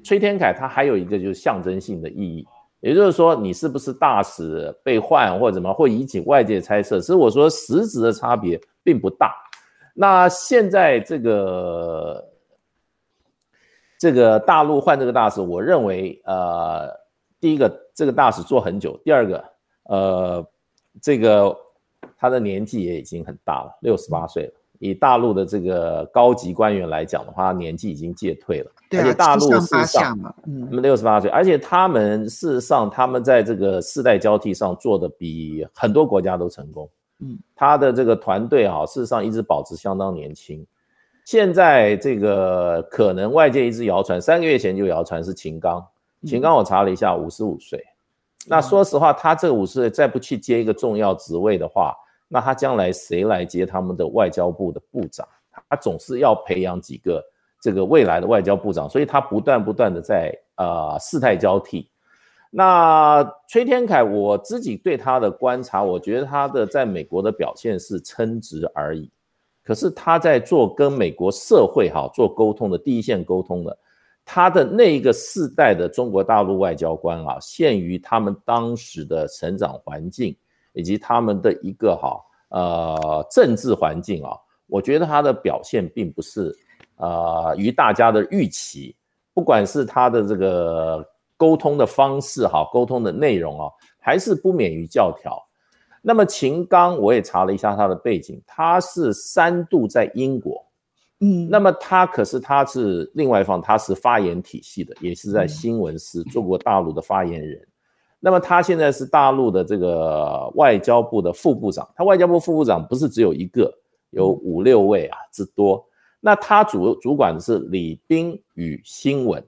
崔天凱，他還有一個就是象徵性的意義。也就是說，你是不是大使被換或者怎麼，會引起外界猜測？所以我說，實質的差別並不大。那現在這個這個大陸換這個大使，我認為，呃，第一個，這個大使做很久；第二個，呃，這個他的年紀也已經很大了，六十八歲了。以大陸的這個高級官員來講的話，年紀已經屆退了，對、啊，而且大陸七上八下嘛，嗯，六十八歲，而且他們事實上，他們在這個世代交替上做的比很多國家都成功，嗯，他的這個團隊啊，事實上一直保持相當年輕，現在這個可能外界一直謠傳，三個月前就謠傳是秦剛，嗯、秦剛我查了一下，五十五歲，嗯、那說實話，他這五十歲再不去接一個重要職位的話。那他將來誰來接他們的外交部的部長？他總是要培養幾個這個未來的外交部長，所以他不斷不斷的在呃世代交替。那崔天凱，我自己對他的觀察，我覺得他的在美國的表現是稱職而已。可是他在做跟美國社會哈、啊、做溝通的第一線溝通的，他的那一個世代的中國大陸外交官啊，限於他們當時的成長環境。以及他們的一個哈呃政治環境啊，我覺得他的表現並不是呃與大家的預期，不管是他的這個溝通的方式哈，溝通的內容啊，還是不免於教條。那麼秦剛，我也查了一下他的背景，他是三度在英國，嗯，那麼他可是他是另外一方，他是發言體系的，也是在新聞司做過大陸的發言人。那麼他現在是大陸的這個外交部的副部長，他外交部副部長不是只有一個，有五六位啊之多。那他主主管的是禮賓與新聞。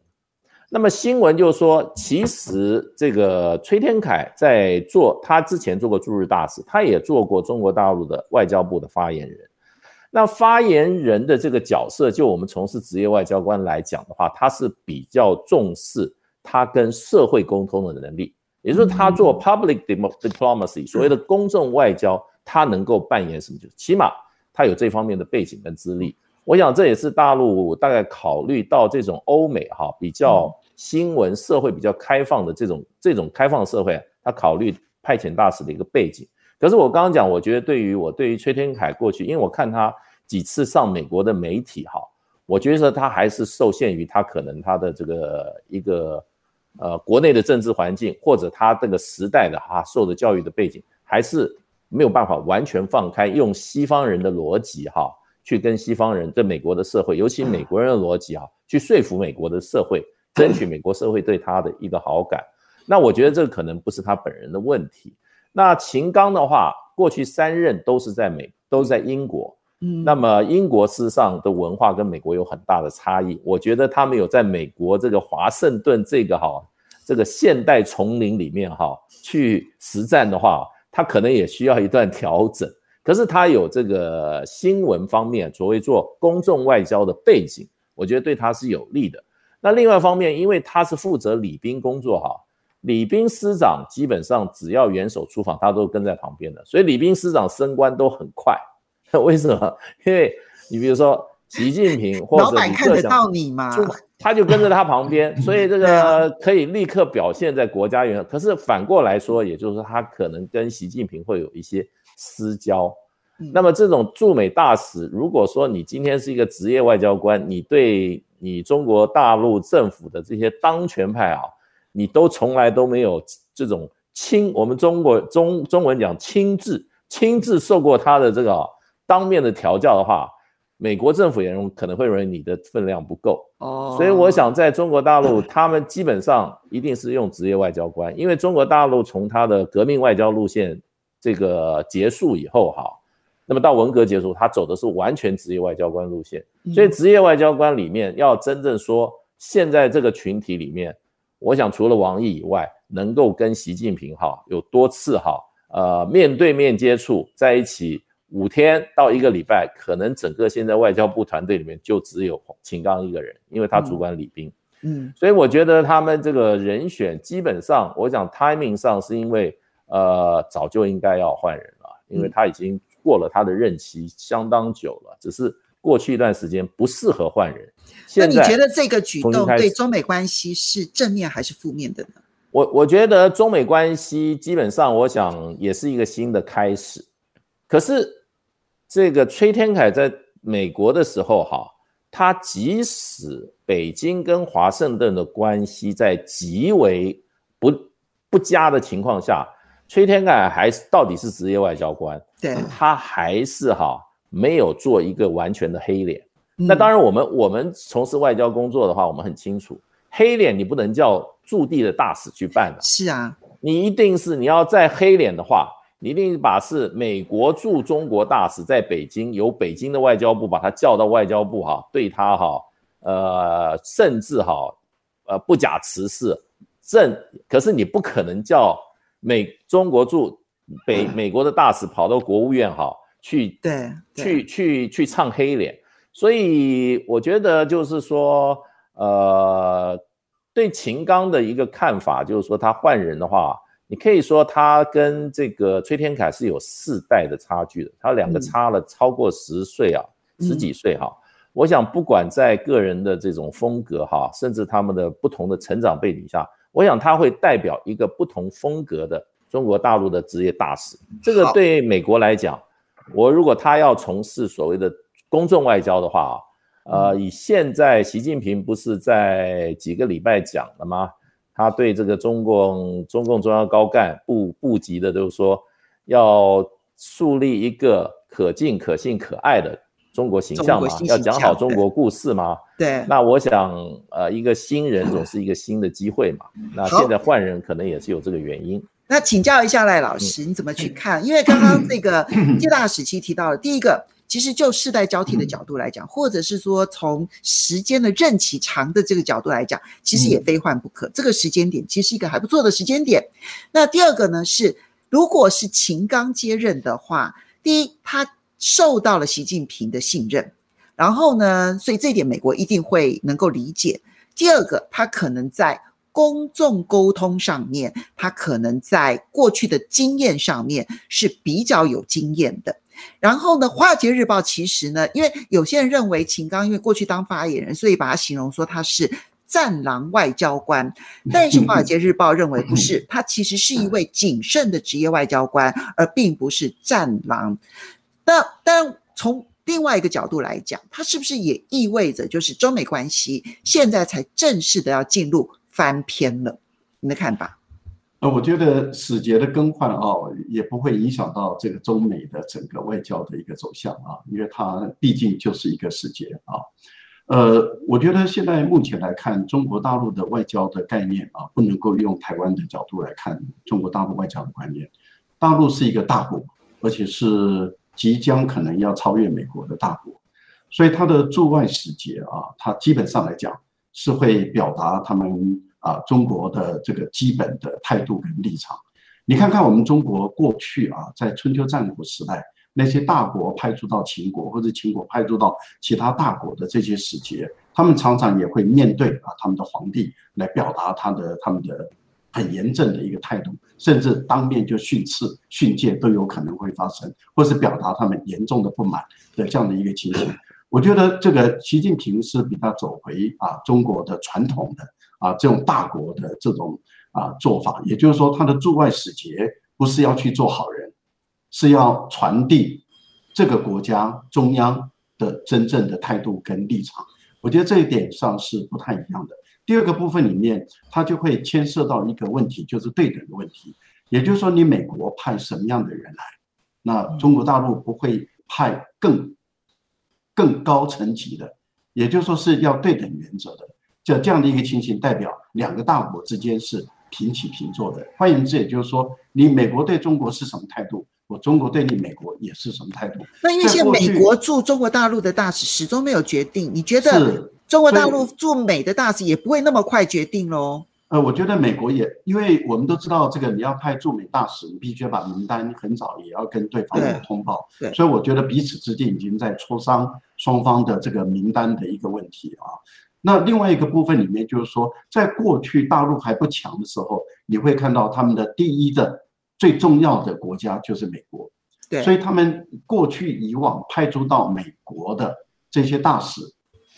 那麼新聞就是說，其實這個崔天凱在做，他之前做過駐日大使，他也做過中國大陸的外交部的發言人。那發言人的這個角色，就我們從事職業外交官來講的話，他是比較重視他跟社會溝通的能力。也就是他做 public diplomacy，所謂的公眾外交，他能夠扮演什麼？就是起碼他有這方面的背景跟資歷。我想這也是大陸大概考慮到這種歐美哈比較新聞社會比較開放的這種這種開放社會，他考慮派遣大使的一個背景。可是我剛剛講，我覺得對於我對於崔天凱過去，因為我看他幾次上美國的媒體哈，我覺得他還是受限於他可能他的這個一個。呃，國內的政治環境或者他這個時代的哈、啊、受的教育的背景，還是沒有辦法完全放開用西方人的邏輯哈、啊，去跟西方人、跟美國的社會，尤其美國人的邏輯哈、啊，去說服美國的社會，爭取美國社會對他的一個好感。那我覺得這可能不是他本人的問題。那秦剛的話，過去三任都是在美，都是在英國。那麼英國世上的文化跟美國有很大的差異，我覺得他們有在美國這個華盛頓這個哈這個現代叢林裡面哈去實戰的話，他可能也需要一段調整。可是他有這個新聞方面，所謂做公眾外交的背景，我覺得對他是有利的。那另外一方面，因為他是負責禮賓工作哈，禮賓司長基本上只要元首出訪，他都跟在旁邊的，所以禮賓司長升官都很快。為什麼？因為你比如說習近平或者老闆看得到你嘛，他就跟在他旁邊，所以這個可以立刻表現在國家元。可是反過來說，也就是說他可能跟習近平會有一些私交。那麼這種駐美大使，如果說你今天是一個職業外交官，你對你中國大陸政府的這些當權派啊，你都從來都沒有這種親，我們中國中中文講親炙親自受過他的這個、啊。當面的調教的話，美國政府也可能會認為你的分量不夠哦，所以我想在中國大陸，他們基本上一定是用職業外交官，因為中國大陸從他的革命外交路線這個結束以後哈，那麼到文革結束，他走的是完全職業外交官路線，所以職業外交官裡面要真正說，現在這個群體裡面，我想除了王毅以外，能夠跟習近平哈有多次哈呃面對面接觸在一起，五天到一個禮拜，可能整個現在外交部團隊裡面就只有秦剛一個人，因為他主管禮賓、嗯。嗯，所以我覺得他們這個人選基本上，我想 timing 上是因為呃，早就應該要換人了，因為他已經過了他的任期相當久了，嗯、只是過去一段時間不適合換人。那你覺得這個舉動對中美關係是正面還是負面的呢？我我覺得中美關係基本上，我想也是一個新的開始，可是。這個崔天凱在美國的時候，啊，哈，他即使北京跟華盛頓的關係在極為不不佳的情況下，崔天凱還是到底是職業外交官，對，他還是哈，啊、沒有做一個完全的黑臉。嗯、那當然，我們我們從事外交工作的話，我們很清楚，黑臉你不能叫駐地的大使去辦的，是啊，你一定是你要在黑臉的話。一定把是美國駐中國大使，在北京，由北京的外交部把他叫到外交部哈，對他哈，呃，甚至哈，呃，不假辭色。正，可是你不可能叫美中國駐北美國的大使跑到國務院哈、啊、去對，對，去去去唱黑臉。所以我覺得就是說，呃，對秦剛的一個看法就是說，他換人的話。你可以說他跟這個崔天凱是有世代的差距的，他兩個差了超過十歲啊，嗯、十幾歲哈。我想不管在個人的這種風格哈、啊，甚至他們的不同的成長背景下，我想他會代表一個不同風格的中國大陸的職業大使。這個對美國來講，我如果他要從事所謂的公眾外交的話啊，呃，以現在習近平不是在幾個禮拜講了嗎？他對這個中共中共中央高幹部布局的，就是說要樹立一個可敬、可信、可愛的中國形象嘛，要講好中國故事嘛。對，那我想，呃，一個新人總是一個新的機會嘛。嗯、那現在換人可能也是有這個原因。那請教一下賴老師，你怎麼去看？嗯、因為剛剛這個介大使提到了 第一個。其實，就世代交替的角度來講，嗯、或者是說從時間的任期長的這個角度來講，其實也非換不可。嗯、這個時間點其實是一個還不錯的時間點。那第二個呢，是如果是秦剛接任的話，第一，他受到了習近平的信任，然後呢，所以這點美國一定會能夠理解。第二個，他可能在公眾溝通上面，他可能在過去的經驗上面是比較有經驗的。然後呢，華爾街日報其實呢，因為有些人認為秦剛因為過去當發言人，所以把他形容說他是戰狼外交官。但是華爾街日報認為不是，他其實是一位謹慎的職業外交官，而並不是戰狼。那但，但從另外一個角度來講，他是不是也意味着就是中美關係現在才正式的要進入翻篇了？你的看法？我覺得使節的更換啊，也不會影響到這個中美的整個外交的一個走向啊，因為它畢竟就是一個使節啊。呃，我覺得現在目前來看，中國大陸的外交的概念啊，不能夠用台灣的角度來看中國大陸外交的觀念。大陸是一個大國，而且是即將可能要超越美國的大國，所以它的駐外使節啊，它基本上來講是會表達他們。啊，中國的這個基本的態度跟立場，你看看我們中國過去啊，在春秋戰國時代，那些大國派駐到秦國，或者秦國派駐到其他大國的這些使節，他們常常也會面對啊，他們的皇帝來表達他的他們的很嚴正的一個態度，甚至當面就訓斥、訓誡都有可能會發生，或是表達他們嚴重的不滿的這樣的一個情形。我覺得這個習近平是比較走回啊，中國的傳統的。啊，這種大國的這種啊做法，也就是說，他的駐外使節不是要去做好人，是要傳遞這個國家中央的真正的態度跟立場。我覺得這一點上是不太一樣的。第二個部分裡面，它就會牽涉到一個問題，就是對等的問題。也就是說，你美國派什麼樣的人來，那中國大陸不會派更更高層級的，也就是說是要對等原則的。就這樣的一個情形，代表兩個大國之間是平起平坐的。換言之，也就是說，你美國對中國是什麼態度，我中國對你美國也是什麼態度。那因為現在美國駐中國大陸的大使始終沒有決定，你覺得中國大陸駐美的大使也不會那麼快決定咯？呃，我覺得美國也，因為我們都知道這個，你要派駐美大使，你必須要把名單很早也要跟對方有通報。對，所以我覺得彼此之間已經在磋商雙方的這個名單的一個問題啊。那另外一個部分裡面，就是說，在過去大陸還不強的時候，你會看到他們的第一的最重要的國家就是美國，所以他們過去以往派駐到美國的這些大使，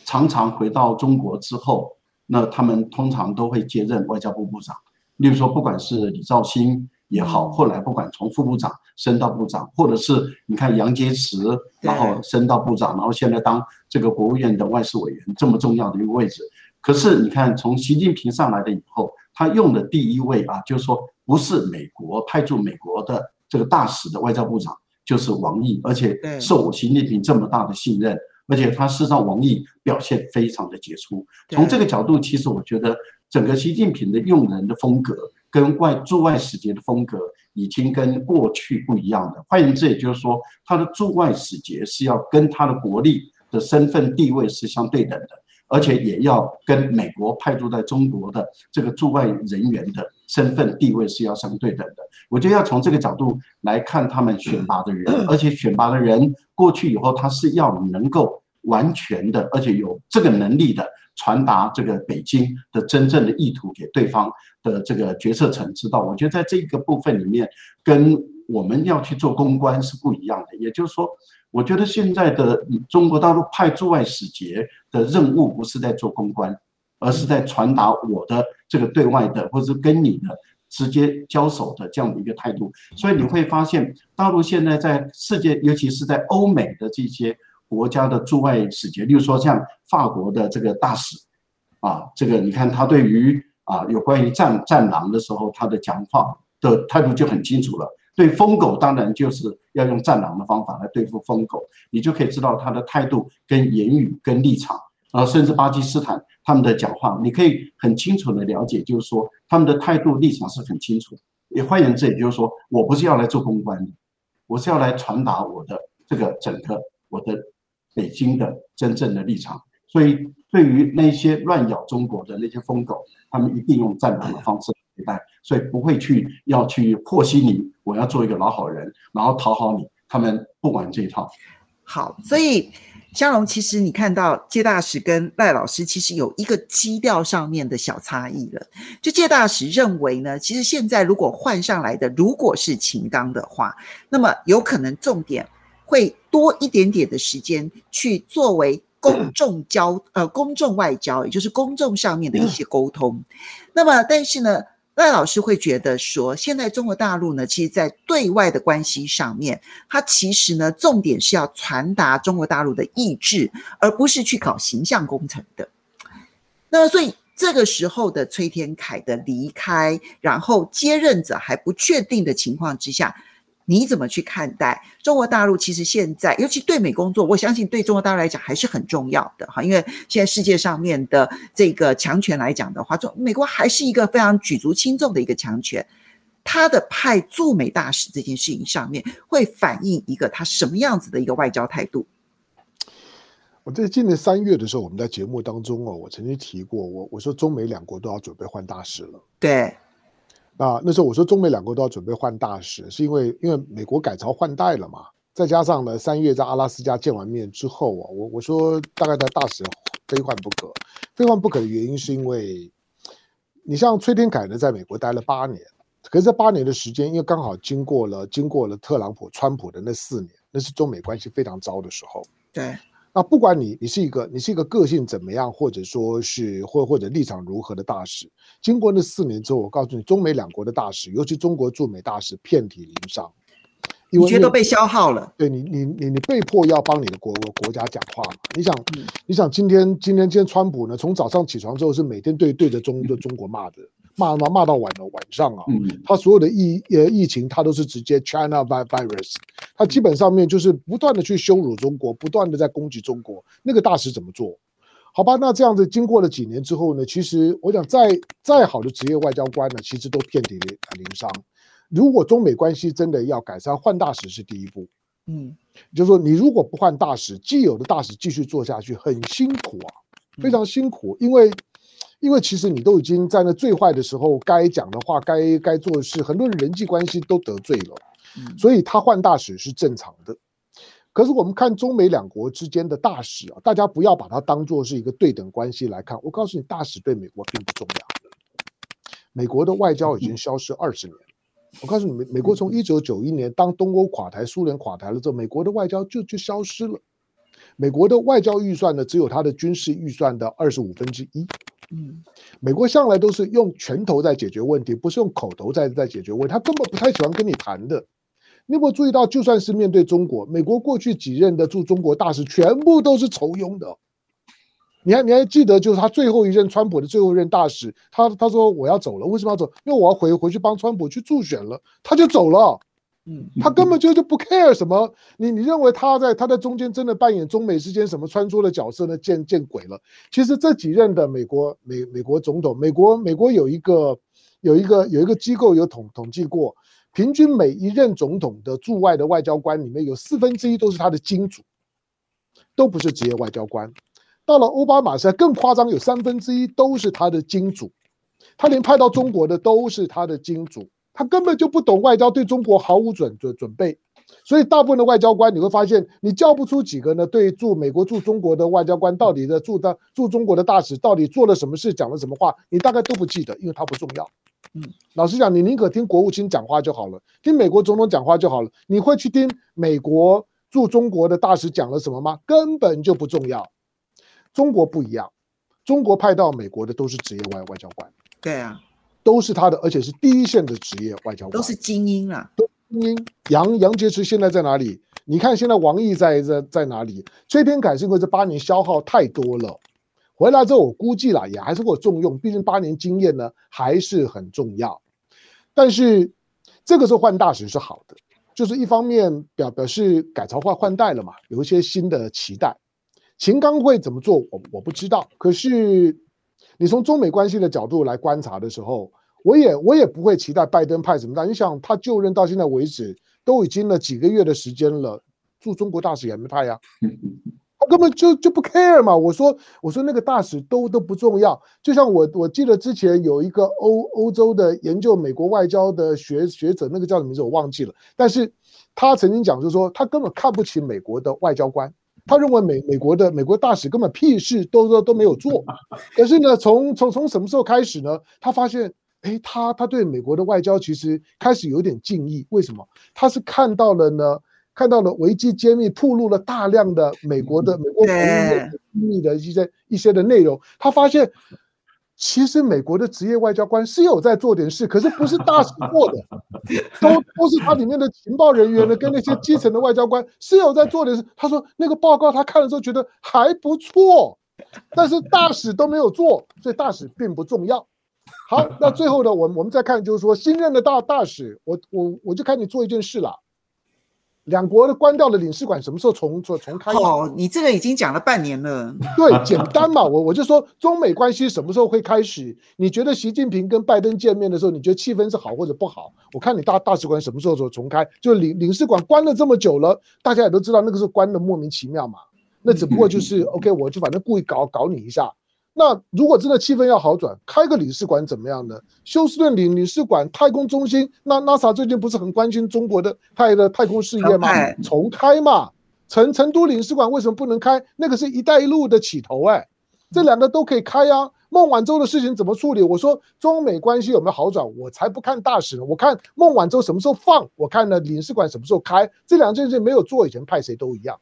常常回到中國之後，那他們通常都會接任外交部部長，例如說，不管是李肇星，也好，後來不管從副部長升到部長，或者是你看楊潔篪，然後升到部長，然後現在當這個國務院的外事委員這麼重要的一個位置。可是你看，從習近平上來了以後，他用的第一位啊，就是說不是美國派駐美國的這個大使的外交部長，就是王毅，而且受我習近平這麼大的信任，而且他事實上王毅表現非常的傑出。從這個角度，其實我覺得整個習近平的用人的風格。跟外駐外使節的風格已經跟過去不一樣了，換言之，也就是說，他的駐外使節是要跟他的國力的身份地位是相對等的，而且也要跟美國派駐在中國的這個駐外人員的身份地位是要相對等的。我就要從這個角度來看他們選拔的人，而且選拔的人過去以後，他是要能夠完全的，而且有這個能力的。傳達這個北京的真正的意圖給對方的這個決策層知道，我覺得在這個部分裡面，跟我們要去做公關是不一樣的。也就是說，我覺得現在的中國大陸派駐外使節的任務不是在做公關，而是在傳達我的這個對外的，或是跟你的直接交手的這樣的一個態度。所以你會發現，大陸現在在世界，尤其是在歐美的這些。國家的駐外使節，例如說像法國的這個大使，啊，這個你看他對於啊有關於戰戰狼的時候，他的講話的態度就很清楚了。對瘋狗當然就是要用戰狼的方法來對付瘋狗，你就可以知道他的態度跟言語跟立場。啊，甚至巴基斯坦他們的講話，你可以很清楚的了解，就是說他們的態度立場是很清楚。也換言之，也就是說，我不是要來做公關的，我是要來傳達我的這個整個我的。北京的真正的立場，所以對於那些亂咬中國的那些瘋狗，他們一定用戰鬥的方式對待，所以不會去要去和稀泥，我要做一個老好人，然後討好你，他們不玩這一套。好，所以香龍，其實你看到介大使跟賴老師其實有一個基調上面的小差異了。就介大使認為呢，其實現在如果換上來的，如果是秦剛的話，那麼有可能重點。會多一點點的時間去作為公眾交呃公眾外交，也就是公眾上面的一些溝通。嗯、那麼，但是呢，賴老師會覺得說，現在中國大陸呢，其實，在對外的關係上面，它其實呢，重點是要傳達中國大陸的意志，而不是去搞形象工程的。那麼所以，這個時候的崔天凱的離開，然後接任者還不確定的情況之下。你怎麼去看待中國大陸？其實現在，尤其對美工作，我相信對中國大陸來講還是很重要的哈。因為現在世界上面的這個強權來講的話，中美國還是一個非常舉足輕重的一個強權。他的派駐美大使這件事情上面，會反映一個他什麼樣子的一個外交態度？我在今年三月的時候，我們在節目當中哦，我曾經提過，我我說中美兩國都要準備換大使了。對。啊，那時候我說中美兩國都要準備換大使，是因為因為美國改朝換代了嘛，再加上呢，三月在阿拉斯加見完面之後啊，我我說大概在大使非換不可，非換不可的原因是因為，你像崔天凱呢，在美國待了八年，可是這八年的時間，因為剛好經過了經過了特朗普、川普的那四年，那是中美關係非常糟的時候。對。啊，不管你，你是一個，你是一個個性怎麼樣，或者說是或者或者立場如何的大使，經過那四年之後，我告訴你，中美兩國的大使，尤其中國駐美大使，遍體鱗傷，你覺得都被消耗了？對，你，你你你被迫要幫你的國國家講話嘛？你想，你想今天今天今天川普呢，從早上起床之後是每天對對着中就中國罵的。 罵嘛罵到晚了晚上啊，嗯、他所有的疫，呃、疫情，他都是直接 China virus，他基本上面就是不斷的去羞辱中國，不斷的在攻擊中國。那個大使怎麼做？好吧，那這樣子經過了幾年之後呢？其實我想再再好的職業外交官呢，其實都遍體鱗鱗傷。如果中美關係真的要改善，換大使是第一步。嗯，就是說你如果不換大使，既有的大使繼續做下去很辛苦啊，非常辛苦，因為。因為其實你都已經在那最壞的時候，該講的話、該該做的事，很多人人際關係都得罪了，所以他換大使是正常的。可是我們看中美兩國之間的大使啊，大家不要把它當做是一個對等關係來看。我告訴你，大使對美國並不重要。美國的外交已經消失二十年。我告訴你，美美國從一九九一年當東歐垮台、蘇聯垮台了之後，美國的外交就就消失了。美國的外交預算呢，只有它的軍事預算的二十五分之一。嗯，美國向來都是用拳頭在解決問題，不是用口頭在在解決問題。他根本不太喜歡跟你談的。你有沒有注意到，就算是面對中國，美國過去幾任的駐中國大使全部都是仇佣的。你還你還記得，就是他最後一任川普的最後一任大使，他他說我要走了，為什麼要走？因為我要回回去幫川普去助選了，他就走了。嗯，他根本就就不 care 什麼，你你認為他在他在中間真的扮演中美之間什麼穿梭的角色呢？見見鬼了！其實這幾任的美國美美國總統，美國美國有一個有一個有一個機構有統統計過，平均每一任總統的駐外的外交官裡面有四分之一都是他的金主，都不是職業外交官。到了奧巴馬時代更誇張，有三分之一都是他的金主，他連派到中國的都是他的金主。他根本就不懂外交，對中國毫無準準準備，所以大部分的外交官你會發現，你叫不出幾個呢。對駐美國駐中國的外交官，到底的駐的駐中國的大使到底做了什麼事，講了什麼話，你大概都不記得，因為它不重要。嗯，老實講，你寧可聽國務卿講話就好了，聽美國總統講話就好了。你會去聽美國駐中國的大使講了什麼嗎？根本就不重要。中國不一樣，中國派到美國的都是職業外外交官。對啊。都是他的，而且是第一線的職業外交官，都是精英啊，都精英。楊楊潔篪現在在哪裡？你看現在王毅在在在哪裡？崔天凱是因為這八年消耗太多了，回來之後我估計啦，也還是會重用，畢竟八年經驗呢還是很重要。但是這個時候換大使是好的，就是一方面表表示改朝換換代了嘛，有一些新的期待。秦剛會怎麼做？我我不知道，可是。你從中美關係的角度來觀察的時候，我也我也不會期待拜登派什麼的。你想，他就任到現在為止，都已經了幾個月的時間了，駐中國大使也沒派呀，他根本就就不 care 嘛。我說我說那個大使都都不重要，就像我我記得之前有一個歐歐洲的研究美國外交的學學者，那個叫什麼名字我忘記了，但是他曾經講就是說他根本看不起美國的外交官。他認為美美國的美國大使根本屁事都都都沒有做，可是呢，從從從什麼時候開始呢？他發現，哎，他他對美國的外交其實開始有點敬意。為什麼？他是看到了呢，看到了維基揭秘，吐露了大量的美國的美國朋友的對秘密的一些一些的內容，他發現。其實美國的職業外交官是有在做點事，可是不是大使做的，都都是他裡面的情報人員呢，跟那些基層的外交官是有在做點事。他說那個報告他看了之後覺得還不錯，但是大使都沒有做，所以大使並不重要。好，那最後呢，我們我們再看就是說新任的大大使，我我我就看你做一件事了。兩國的關掉了領事館，什麼時候重重重開？哦、oh, 對，你這個已經講了半年了。對， 簡單嘛，我我就說中美關係什麼時候會開始？你覺得習近平跟拜登見面的時候，你覺得氣氛是好或者不好？我看你大大使館什麼時候重重開？就領領事館關了這麼久了，大家也都知道那個時候關的莫名其妙嘛。那只不過就是 OK，我就反正故意搞搞你一下。那如果真的氣氛要好轉，開個領事館怎麼樣呢？休斯頓領領事館、太空中心，那 NASA 最近不是很關心中國的太的太空事業嗎？重開嘛？成成都領事館為什麼不能開？那個是一帶一路的起頭哎，這兩個都可以開呀、啊。孟晚舟的事情怎麼處理？我說中美關係有沒有好轉？我才不看大使呢，我看孟晚舟什麼時候放，我看呢，領事館什麼時候開，這兩件事沒有做以前派誰都一樣。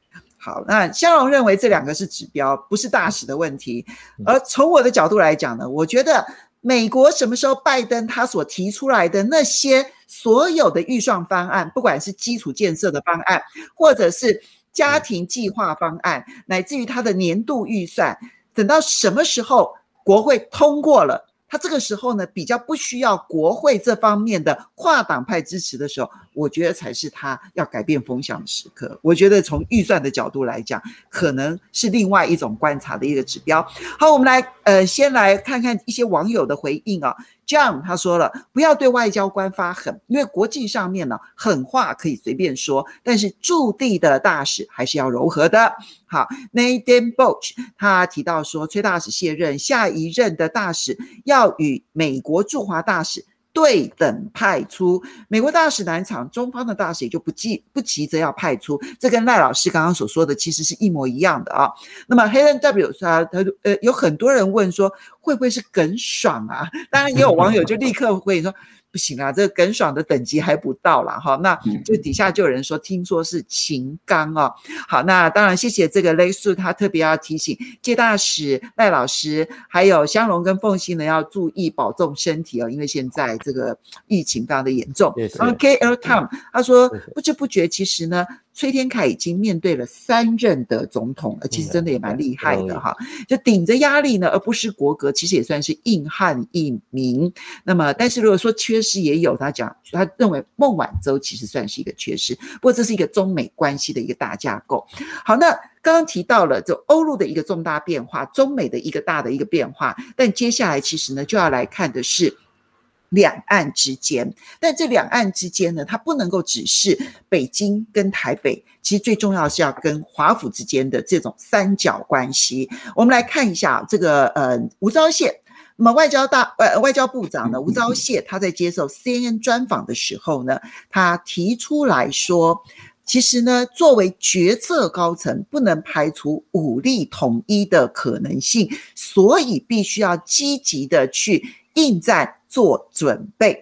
好，那香蓉認為這兩個是指標，不是大使的問題。而從我的角度來講呢，我覺得美國什麼時候拜登他所提出來的那些所有的預算方案，不管是基礎建設的方案，或者是家庭計劃方案，乃至於他的年度預算，等到什麼時候國會通過了？那這個時候呢，比較不需要國會這方面的跨黨派支持的時候，我覺得才是他要改變風向的時刻。我覺得從預算的角度來講，可能是另外一種觀察的一個指標。好，我們來呃，先來看看一些網友的回應啊、哦。John 他說了，不要對外交官發狠，因為國際上面呢、啊，狠話可以隨便說，但是駐地的大使還是要柔和的。好，Nathan Bouch 他提到說，崔大使卸任，下一任的大使要與美國駐華大使。對等派出美國大使難產，中方的大使也就不急不急着，要派出，這跟賴老師剛剛所說的其實是一模一樣的啊、哦。那麼 Helen W 他呃有很多人問說，會不會是耿爽啊？當然也有網友就立刻回說。嗯嗯不行啊，這個耿爽的等級還不到啦哈、哦，那就底下就有人說，嗯、聽說是秦剛啊、哦。好，那當然謝謝這個雷叔，他特別要提醒介大使、賴老師，還有香龍跟鳳信呢，要注意保重身體哦，因為現在這個疫情非常的嚴重。嗯、K L Tom 他說，嗯、不知不覺其實呢。崔天凱已經面對了三任的總統了，其實真的也蠻厲害的哈，就頂着壓力呢，而不失國格，其實也算是硬漢一名。那麼，但是如果說缺失也有，他講他認為孟晚舟其實算是一個缺失。不過，這是一個中美關係的一個大架構。好，那剛剛提到了就歐陸的一個重大變化，中美的一個大的一個變化，但接下來其實呢，就要來看的是。兩岸之間，但這兩岸之間呢，它不能夠只是北京跟台北，其實最重要的是要跟華府之間的這種三角關係。我們來看一下這個呃吳釗燮，那麼外交大外外交部長呢，吳釗燮，他在接受 CNN 專訪的時候呢，他提出來說，其實呢，作為決策高層，不能排除武力統一的可能性，所以必須要積極的去應戰。做準備。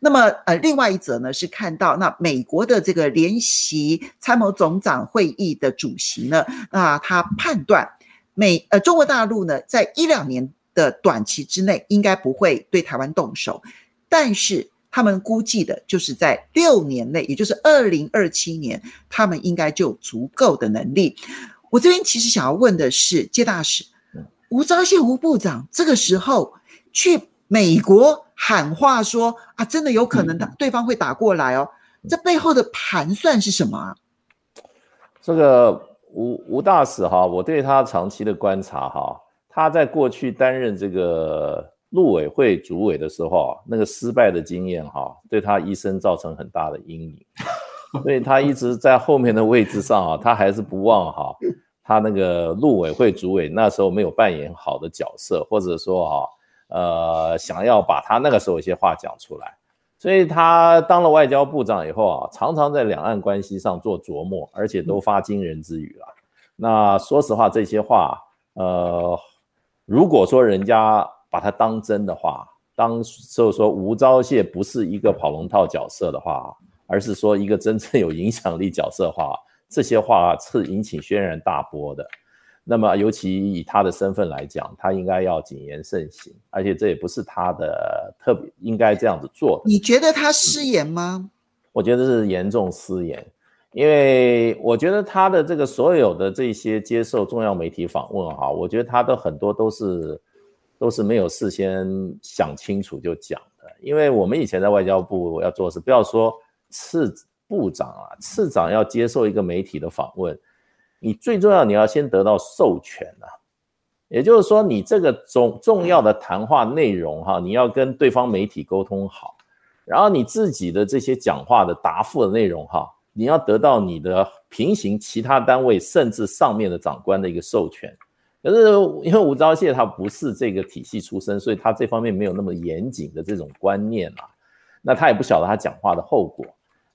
那麼，呃，另外一則呢，是看到那美國的這個聯席參謀總長會議的主席呢，那、呃、他判斷美呃中國大陸呢，在一兩年的短期之內，應該不會對台灣動手，但是他們估計的就是在六年內，也就是二零二七年，他們應該就有足夠的能力。我這邊其實想要問的是，介大使，吳釗燮吳部長，這個時候去美國。喊話說啊，真的有可能他對方會打過來哦，嗯，這背後的盤算是什麼啊？這個吳吳大使哈，我對他長期的觀察哈，他在過去擔任這個陸委會主委的時候，那個失敗的經驗哈，對他一生造成很大的陰影， 所以他一直在後面的位置上啊，他還是不忘哈，他那個陸委會主委那時候沒有扮演好的角色，或者說哈。呃，想要把他那個時候一些話講出來，所以他當了外交部長以後啊，常常在兩岸關係上做琢磨，而且都發驚人之語了，啊。那說實話，這些話，呃，如果說人家把他當真的話，當就是說，說吳釗燮不是一個跑龍套角色的話，而是說一個真正有影響力角色的話，這些話是引起軒然大波的。那麼，尤其以他的身份來講，他應該要謹言慎行，而且這也不是他的特別應該這樣子做。你覺得他失言嗎？嗯，我覺得是嚴重失言，因為我覺得他的這個所有的這些接受重要媒體訪問哈，我覺得他的很多都是都是沒有事先想清楚就講的。因為我們以前在外交部要做事，不要說次部長啊，次長要接受一個媒體的訪問。你最重要，你要先得到授權啊。也就是說，你這個重重要的談話內容哈、啊，你要跟對方媒體溝通好，然後你自己的這些講話的答復的內容哈、啊，你要得到你的平行其他單位甚至上面的長官的一個授權。可是因為吳釗燮他不是這個體系出身，所以他這方面沒有那麼嚴謹的這種觀念啊。那他也不曉得他講話的後果。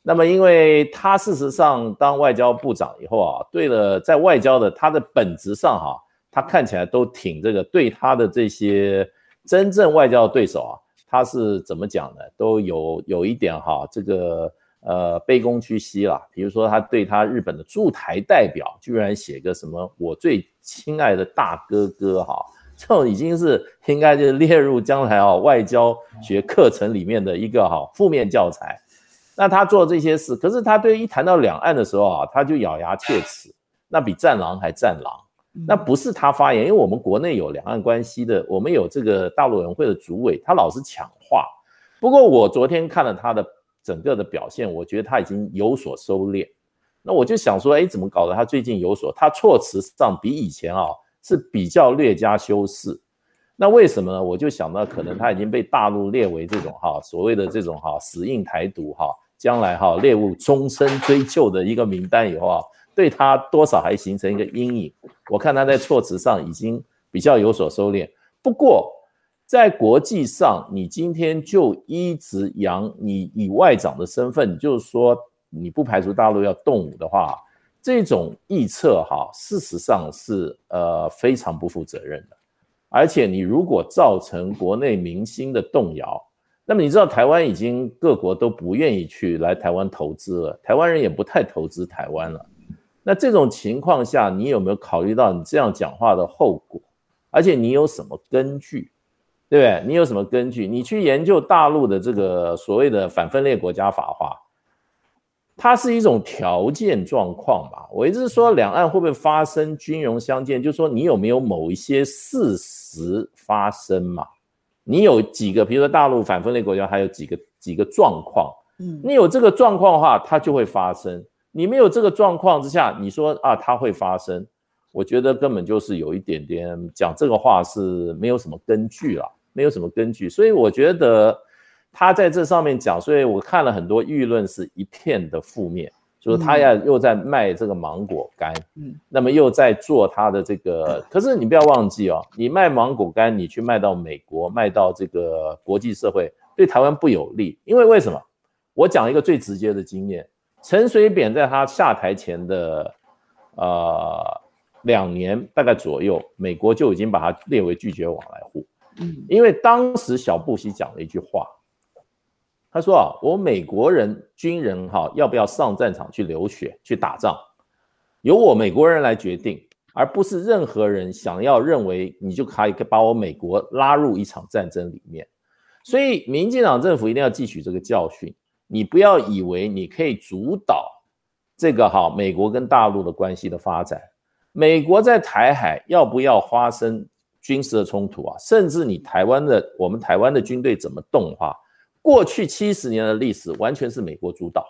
那麼，因為他事實上當外交部長以後啊，對了，在外交的他的本質上哈、啊，他看起來都挺這個，對他的這些真正外交對手啊，他是怎麼講的？都有有一點哈、啊，這個呃卑躬屈膝啦，比如說，他對他日本的駐台代表，居然寫個什麼“我最親愛的大哥哥、啊”哈，這已經是應該就列入將來啊外交學課程裡面的一個哈、啊、負面教材。那他做這些事，可是他對一談到兩岸的時候啊，他就咬牙切齒，那比戰狼還戰狼。那不是他發言，因為我們國內有兩岸關係的，我們有這個大陸委員會的主委，他老是搶話。不過我昨天看了他的整個的表現，我覺得他已經有所收斂。那我就想說，誒、欸，怎麼搞得他最近有所，他措辭上比以前啊是比較略加修飾。那為什麼呢？我就想到可能他已經被大陸列為這種哈、啊、所謂的這種哈、啊、死硬台獨哈、啊。將來哈，列入終身追究的一個名單以後啊，對他多少還形成一個陰影。我看他在措辭上已經比較有所收斂。不過，在國際上，你今天就一直揚你以外長的身份，就是說你不排除大陸要動武的話，這種臆測哈，事實上是呃非常不負責任的。而且你如果造成國內民心的動搖。那麼你知道台灣已經各國都不願意去來台灣投資了，台灣人也不太投資台灣了。那這種情況下，你有沒有考慮到你這樣講話的後果？而且你有什麼根據，對不對？你有什麼根據？你去研究大陸的這個所謂的反分裂國家法的話，它是一種條件狀況吧？我一直說兩岸會不會發生兵戎相見，就說你有沒有某一些事實發生嘛？你有幾個，比如說大陸反分裂國家，還有幾個幾個狀況，嗯，你有這個狀況的話，它就會發生；你沒有這個狀況之下，你說啊它會發生，我覺得根本就是有一點點講這個話是沒有什麼根據啦，沒有什麼根據，所以我覺得他在這上面講，所以我看了很多輿論是一片的負面。就是他呀，又在賣這個芒果乾，嗯，那麼又在做他的這個。可是你不要忘記哦，你賣芒果乾，你去賣到美國，賣到這個國際社會，對台灣不有利。因為為什麼？我講一個最直接的經驗，陳水扁在他下台前的呃兩年大概左右，美國就已經把他列為拒絕往來戶，嗯，因為當時小布希講了一句話。他說：“啊，我美國人軍人哈、啊，要不要上戰場去流血去打仗，由我美國人來決定，而不是任何人想要認為你就可以把我美國拉入一場戰爭裡面。所以，民進黨政府一定要汲取這個教訓，你不要以為你可以主導這個哈、啊、美國跟大陸的關係的發展。美國在台海要不要發生軍事的衝突啊？甚至你台灣的我們台灣的軍隊怎麼動哈？”過去七十年的歷史完全是美國主導。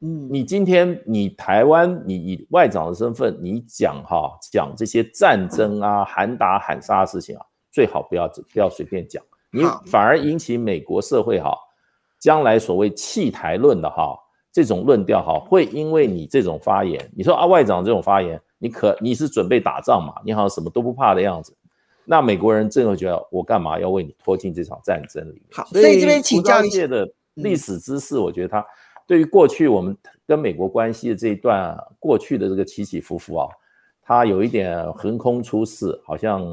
嗯，你今天你台灣你以外長的身份你講哈講這些戰爭啊喊打喊殺的事情啊，最好不要不要隨便講，你反而引起美國社會哈、啊、將來所謂棄台論的哈、啊、這種論調哈，會因為你這種發言，你說啊外長這種發言，你可你是準備打仗嘛？你好像什麼都不怕的樣子。那美國人最後覺得我幹嘛要為你拖進這場戰爭裡面？好，所以這邊請教你界的歷史知識，嗯、我覺得他對於過去我們跟美國關係的這一段，啊，過去的這個起起伏伏啊，他有一點橫空出世，好像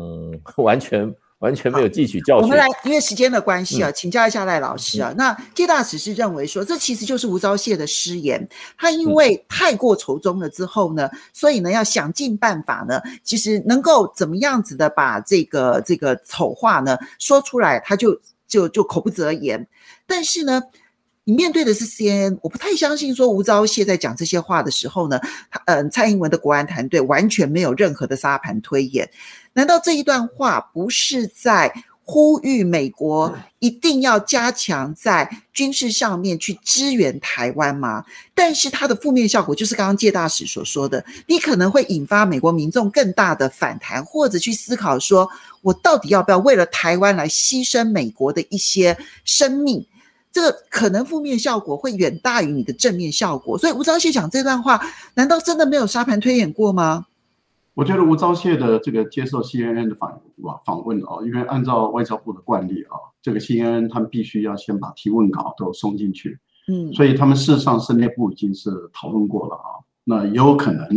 完全。完全沒有記取教訓。我們來，因為時間的關係啊，嗯、請教一下賴老師啊。那介大使是認為說，這其實就是吳釗燮的失言。他因為太過仇中了之後呢，嗯、所以呢要想盡辦法呢，其實能夠怎麼樣子的把這個這個醜話呢說出來，他就就就口不擇言。但是呢，你面對的是 C N N，我不太相信說吳釗燮在講這些話的時候呢，嗯、呃，蔡英文的國安團隊完全沒有任何的沙盤推演。難道這一段話不是在呼籲美國一定要加強在軍事上面去支援台灣嗎？但是它的負面效果就是剛剛介大使所說的，你可能會引發美國民眾更大的反彈，或者去思考說，我到底要不要為了台灣來犧牲美國的一些生命？這個可能負面效果會遠大於你的正面效果。所以吳釗燮講這段話，難道真的沒有沙盤推演過嗎？我覺得吳釗燮的這個接受 CNN 的訪訪問啊，因為按照外交部的慣例啊，這個 CNN 他們必須要先把提問稿都送進去，嗯，所以他們事實上是內部已經是討論過了啊，那有可能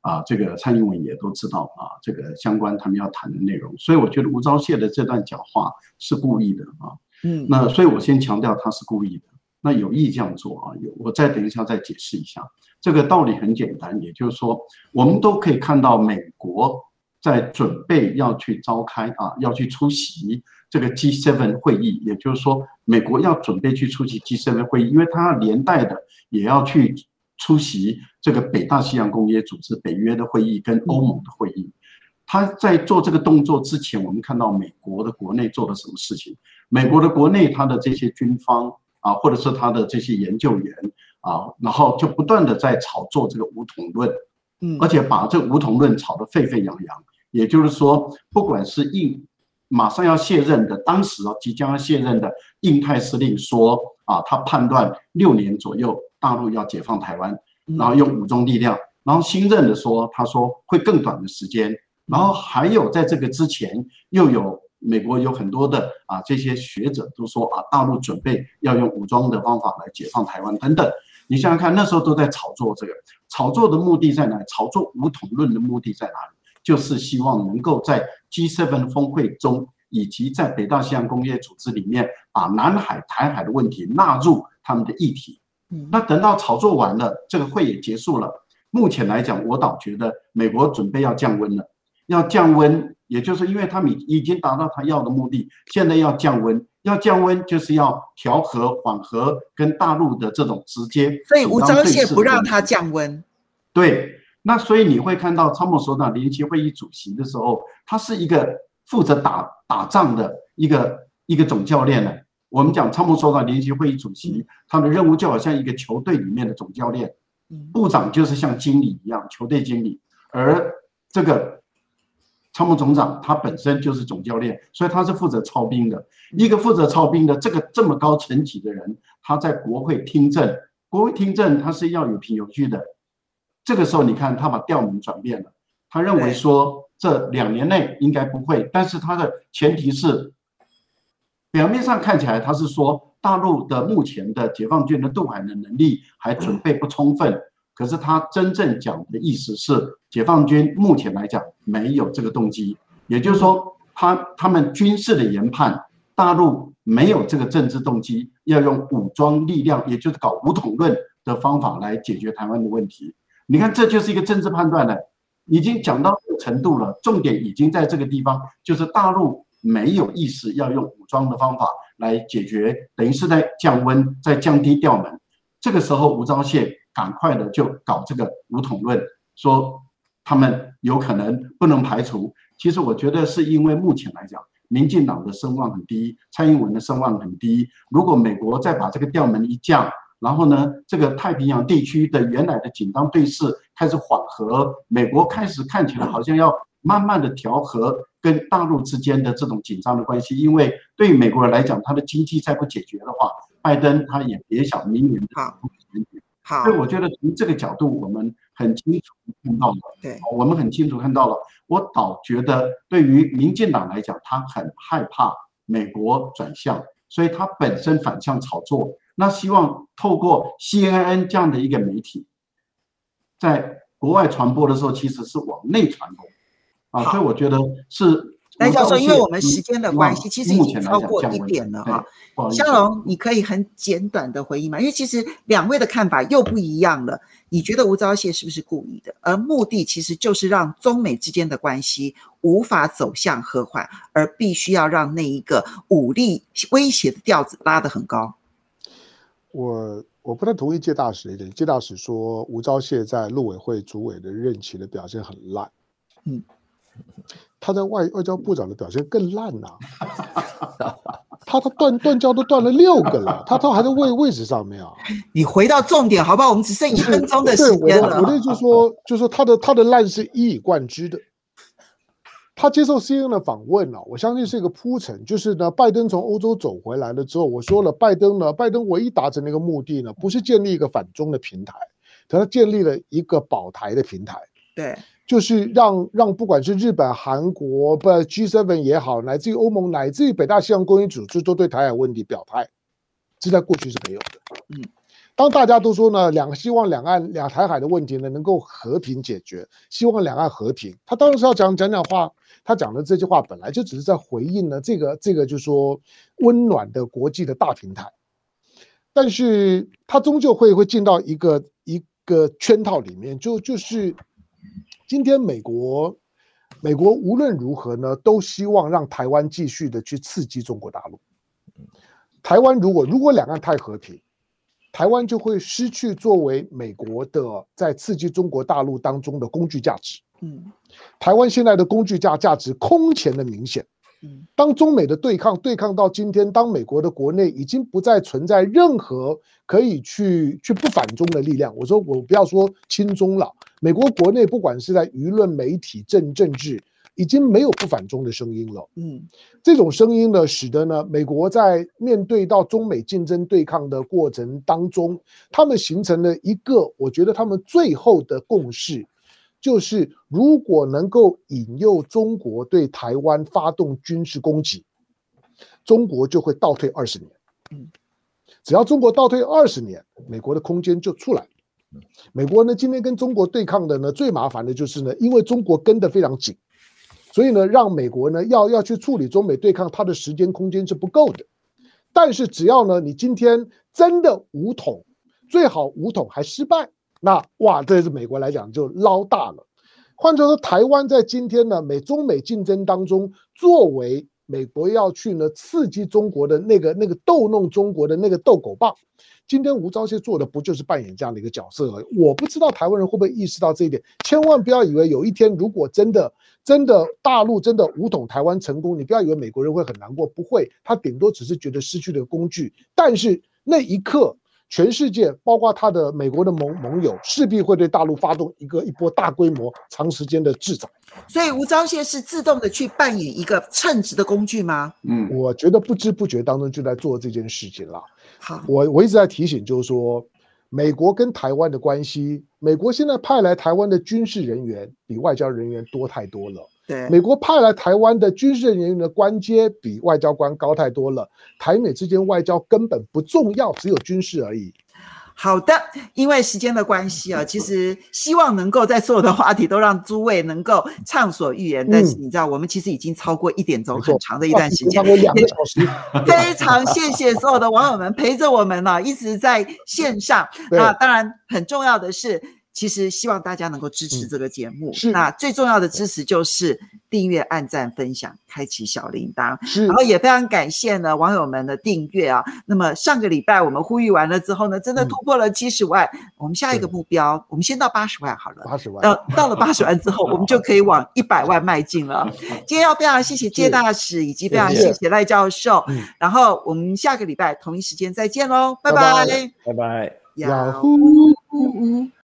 啊，這個蔡英文也都知道啊，這個相關他們要談的內容，所以我覺得吳釗燮的這段講話是故意的啊，嗯，那所以我先強調他是故意的。那有意這樣做啊？有，我再等一下再解釋一下。這個道理很簡單，也就是說，我們都可以看到美國在準備要去召開啊，要去出席這個 G7 會議。也就是說，美國要準備去出席 G7 會議，因為他連帶的也要去出席這個北大西洋公約組織、北約的會議跟歐盟的會議。他、嗯、在做這個動作之前，我們看到美國的國內做了什麼事情？美國的國內，他的這些軍方。啊，或者是他的這些研究員啊，然後就不斷的在炒作這個武統論，嗯，而且把這武統論炒得沸沸揚揚。也就是說，不管是印馬上要卸任的，當時啊即將要卸任的印太司令說啊，他判斷六年左右大陸要解放台灣，然後用武裝力量，然後新任的說他說會更短的時間，然後還有在這個之前又有。美國有很多的啊，這些學者都說啊，大陸準備要用武裝的方法來解放台灣等等。你想想看，那時候都在炒作這個，炒作的目的在哪？炒作“武統論”的目的在哪裡？就是希望能夠在 G7 峰會中，以及在北大西洋公約組織裡面，把，啊、南海、台海的問題納入他們的議題。那等到炒作完了，這個會也結束了。目前來講，我倒覺得美國準備要降溫了，要降溫。也就是因為他們已經達到他要的目的，現在要降溫，要降溫就是要調和緩和跟大陸的這種直接。所以，吳釗燮不讓他降溫。對，那所以你會看到參謀首長聯席會議主席的時候，他是一個負責打打仗的一個一個總教練的。我們講參謀首長聯席會議主席，嗯、他的任務就好像一個球隊裡面的總教練，嗯、部長就是像經理一樣，球隊經理，而這個。參謀總長他本身就是總教練，所以他是負責操兵的。一個負責操兵的這個這麼高層級的人，他在國會聽證，國會聽證他是要有憑有據的。這個時候你看他把調門轉變了，他認為說這兩年內應該不會，但是他的前提是，表面上看起來他是說大陸的目前的解放軍的渡海的能力還準備不充分。可是他真正講的意思是，解放軍目前來講沒有這個動機，也就是說，他他們軍事的研判，大陸沒有這個政治動機，要用武裝力量，也就是搞武統論的方法來解決台灣的問題。你看，這就是一個政治判斷了，已經講到這個程度了，重點已經在這個地方，就是大陸沒有意識要用武裝的方法來解決，等於是在降溫，在降低調門。這個時候，吳釗燮。趕快的就搞這個武統論，說他們有可能不能排除。其實我覺得是因為目前來講，民進黨的聲望很低，蔡英文的聲望很低。如果美國再把這個調門一降，然後呢，這個太平洋地區的原來的緊張對峙開始緩和，美國開始看起來好像要慢慢的調和跟大陸之間的這種緊張的關係，因為對於美國人來講，他的經濟再不解決的話，拜登他也別想明年的。啊好，所以我覺得從這個角度，我們很清楚看到了。對，我們很清楚看到了。我倒覺得，對於民進黨來講，他很害怕美國轉向，所以他本身反向炒作。那希望透過 CNN 這樣的一個媒體，在國外傳播的時候，其實是往內傳播。啊，所以我覺得是。賴教授，因為我們時間的關係，其實已經超過一點了哈。香龍，你可以很簡短的回應嘛？因為其實兩位的看法又不一樣了。你覺得吳釗燮是不是故意的？而目的其實就是讓中美之間的關係無法走向和緩，而必須要讓那一個武力威脅的調子拉得很高。我我不太同意謝大使的，謝大使說吳釗燮在陸委會主委的任期的表現很爛。嗯。他在外外交部長的表現更爛了，啊、他 他斷斷交都斷了六個了，他都還在位位置上面啊。你回到重點好不好？我們只剩一分鐘的時間了。我的意思說，就是說他的他的爛是一以貫之的。他接受 CNN 的訪問呢，啊，我相信是一個鋪陳。就是呢，拜登從歐洲走回來了之後，我說了，拜登呢，拜登唯一達成的一個目的呢，不是建立一個反中的平台，他建立了一個保台的平台。對。就是讓讓，不管是日本、韓國，不 G7 也好，乃至於歐盟，乃至於北大西洋公約組織，都對台海問題表態，這在過去是沒有的。嗯，當大家都說呢，兩希望兩岸兩台海的問題呢能夠和平解決，希望兩岸和平，他當時要講講講話，他講的這句話本來就只是在回應呢這個這個，這個、就是說溫暖的國際的大平台，但是他終究會會進到一個一個圈套裡面，就就是。今天美國，美國無論如何呢，都希望讓台灣繼續的去刺激中國大陸。台灣如果如果兩岸太和平，台灣就會失去作為美國的在刺激中國大陸當中的工具價值。台灣現在的工具價價值空前的明顯。當中美的對抗對抗到今天，當美國的國內已經不再存在任何可以去去不反中的力量。我說我不要說親中了。美國國內不管是在輿論、媒體、政政治，已經沒有不反中的聲音了。嗯，這種聲音呢，使得呢，美國在面對到中美競爭對抗的過程當中，他們形成了一個，我覺得他們最後的共識，就是如果能夠引誘中國對台灣發動軍事攻擊，中國就會倒退二十年。只要中國倒退二十年，美國的空間就出來。美國呢，今天跟中國對抗的呢，最麻煩的就是呢，因為中國跟得非常緊，所以呢，讓美國呢要要去處理中美對抗，它的時間空間是不夠的。但是只要呢，你今天真的武統，最好武統還失敗，那哇，這是美國來講就撈大了。換作說，台灣在今天呢，美中美競爭當中，作為。美國要去呢刺激中國的那個、那個逗弄中國的那個逗狗棒，今天吳釗燮做的不就是扮演這樣的一個角色而已，我不知道台灣人會不會意識到這一點。千萬不要以為有一天如果真的、真的大陸真的武統台灣成功，你不要以為美國人會很難過，不會，他頂多只是覺得失去了工具，但是那一刻。全世界，包括他的美國的盟盟友，勢必會對大陸發動一個一波大規模、長時間的制裁。所以，吳釗燮是自動的去扮演一個稱職的工具嗎？嗯，我覺得不知不覺當中就在做這件事情了。好，我我一直在提醒，就是說，美國跟台灣的關係，美國現在派來台灣的軍事人員比外交人員多太多了。對，美國派來台灣的軍事人員的官階比外交官高太多了。台美之間外交根本不重要，只有軍事而已。好的，因為時間的關係啊，其實希望能夠在所有的話題都讓諸位能夠暢所欲言。嗯、但是你知道，我們其實已經超過一點鐘，很長的一段時間，超過兩個小時。 非常謝謝所有的網友們陪着我們呢、啊， 一直在線上啊。那當然，很重要的是。其實希望大家能夠支持這個節目，是那最重要的支持就是訂閱、按讚、分享、開啟小鈴鐺，然後也非常感謝呢網友們的訂閱啊。那麼上個禮拜我們呼籲完了之後呢，真的突破了七十萬，我們下一個目標，我們先到八十萬好了，八十萬。到到了八十萬之後，我們就可以往一百萬邁進了。今天要非常謝謝介大使，以及非常謝謝賴教授，然後我們下個禮拜同一時間再見嘍，拜拜，拜拜。